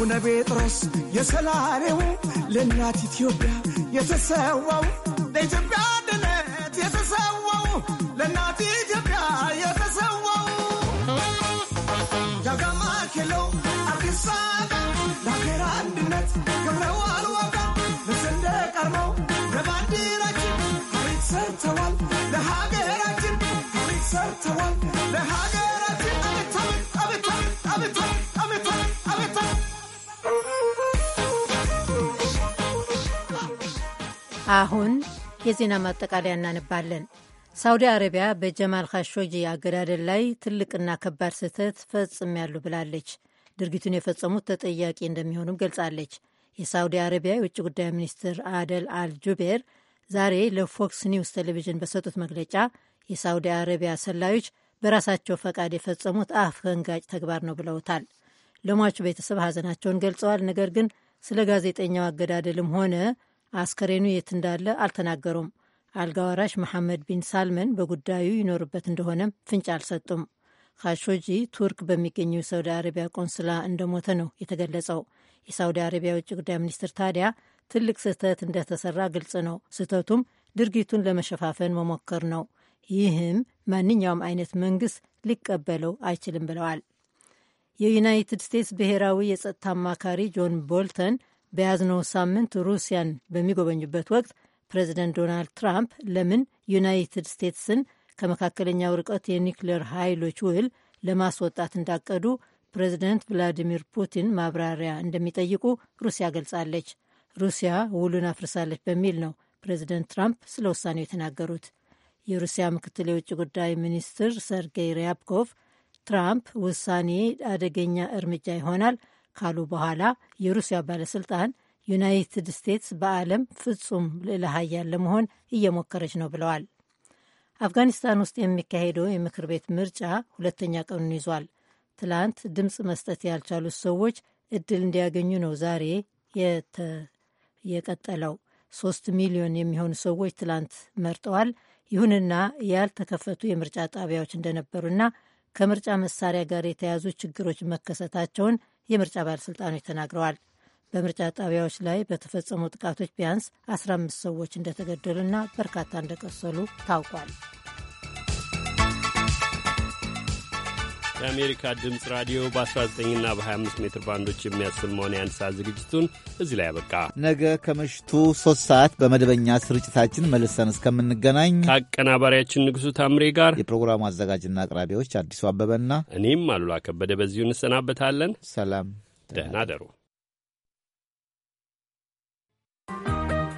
Speaker 10: አቡነ ጴጥሮስ የሰላሬው ለእናት ኢትዮጵያ
Speaker 8: የተሰዋው ለኢትዮጵያ አንድነት የተሰዋው ለእናት
Speaker 7: ኢትዮጵያ የተሰዋው ጃጋማ ኬሎ አዲስ ለሀገር አንድነት ገብረዋል ዋጋ ለሰንደቅ ዓላማው ለባንዲራችን ታሪክ ሰርተዋል ለሀገራችን ታሪክ ሰርተዋል ለሀገራችን አብታብታብታብታብታ
Speaker 5: አሁን የዜና ማጠቃለያ እናነባለን። ሳውዲ አረቢያ በጀማል ካሾጂ አገዳደል ላይ ትልቅና ከባድ ስህተት ያሉ ብላለች። ድርጊቱን የፈጸሙት ተጠያቂ እንደሚሆኑም ገልጻለች። የሳውዲ አረቢያ የውጭ ጉዳይ ሚኒስትር አደል አልጁቤር ዛሬ ለፎክስ ኒውስ ቴሌቪዥን በሰጡት መግለጫ የሳውዲ አረቢያ ሰላዮች በራሳቸው ፈቃድ የፈጸሙት አፈንጋጭ ተግባር ነው ብለውታል። ለሟቹ ቤተሰብ ሀዘናቸውን ገልጸዋል። ነገር ግን ስለ ጋዜጠኛው አገዳደልም ሆነ አስከሬኑ የት እንዳለ አልተናገሩም። አልጋዋራሽ መሐመድ ቢን ሳልመን በጉዳዩ ይኖርበት እንደሆነም ፍንጭ አልሰጡም። ካሾጂ ቱርክ በሚገኘው የሳውዲ አረቢያ ቆንስላ እንደሞተ ነው የተገለጸው። የሳውዲ አረቢያ ውጭ ጉዳይ ሚኒስትር ታዲያ ትልቅ ስህተት እንደተሰራ ግልጽ ነው፣ ስህተቱም ድርጊቱን ለመሸፋፈን መሞከር ነው፣ ይህም ማንኛውም አይነት መንግስት ሊቀበለው አይችልም ብለዋል። የዩናይትድ ስቴትስ ብሔራዊ የጸጥታ አማካሪ ጆን ቦልተን በያዝነው ሳምንት ሩሲያን በሚጎበኙበት ወቅት ፕሬዚደንት ዶናልድ ትራምፕ ለምን ዩናይትድ ስቴትስን ከመካከለኛው ርቀት የኒክሌር ኃይሎች ውል ለማስወጣት እንዳቀዱ ፕሬዚደንት ቭላዲሚር ፑቲን ማብራሪያ እንደሚጠይቁ ሩሲያ ገልጻለች። ሩሲያ ውሉን አፍርሳለች በሚል ነው ፕሬዚደንት ትራምፕ ስለ ውሳኔው የተናገሩት። የሩሲያ ምክትል የውጭ ጉዳይ ሚኒስትር ሰርጌይ ሪያብኮቭ ትራምፕ ውሳኔ አደገኛ እርምጃ ይሆናል፣ ካሉ በኋላ የሩሲያ ባለስልጣን ዩናይትድ ስቴትስ በዓለም ፍጹም ልዕለ ሀያል ለመሆን እየሞከረች ነው ብለዋል። አፍጋኒስታን ውስጥ የሚካሄደው የምክር ቤት ምርጫ ሁለተኛ ቀኑን ይዟል። ትላንት ድምፅ መስጠት ያልቻሉት ሰዎች እድል እንዲያገኙ ነው ዛሬ የቀጠለው። ሶስት ሚሊዮን የሚሆኑ ሰዎች ትላንት መርጠዋል። ይሁንና ያልተከፈቱ የምርጫ ጣቢያዎች እንደነበሩና ከምርጫ መሳሪያ ጋር የተያዙ ችግሮች መከሰታቸውን የምርጫ ባለሥልጣኖች ተናግረዋል። በምርጫ ጣቢያዎች ላይ በተፈጸሙ ጥቃቶች ቢያንስ 15 ሰዎች እንደተገደሉና በርካታ እንደቆሰሉ ታውቋል።
Speaker 2: የአሜሪካ ድምፅ ራዲዮ በ19ና በ25 ሜትር ባንዶች የሚያሰማውን የአንድ ሰዓት ዝግጅቱን እዚህ ላይ ያበቃ።
Speaker 1: ነገ ከምሽቱ ሶስት ሰዓት በመደበኛ ስርጭታችን መልሰን እስከምንገናኝ
Speaker 2: ከአቀናባሪያችን ንጉሱ ታምሬ ጋር
Speaker 1: የፕሮግራሙ አዘጋጅና አቅራቢዎች አዲሱ አበበና
Speaker 2: እኔም አሉላ ከበደ በዚሁ እንሰናበታለን።
Speaker 7: ሰላም፣ ደህና ደሩ።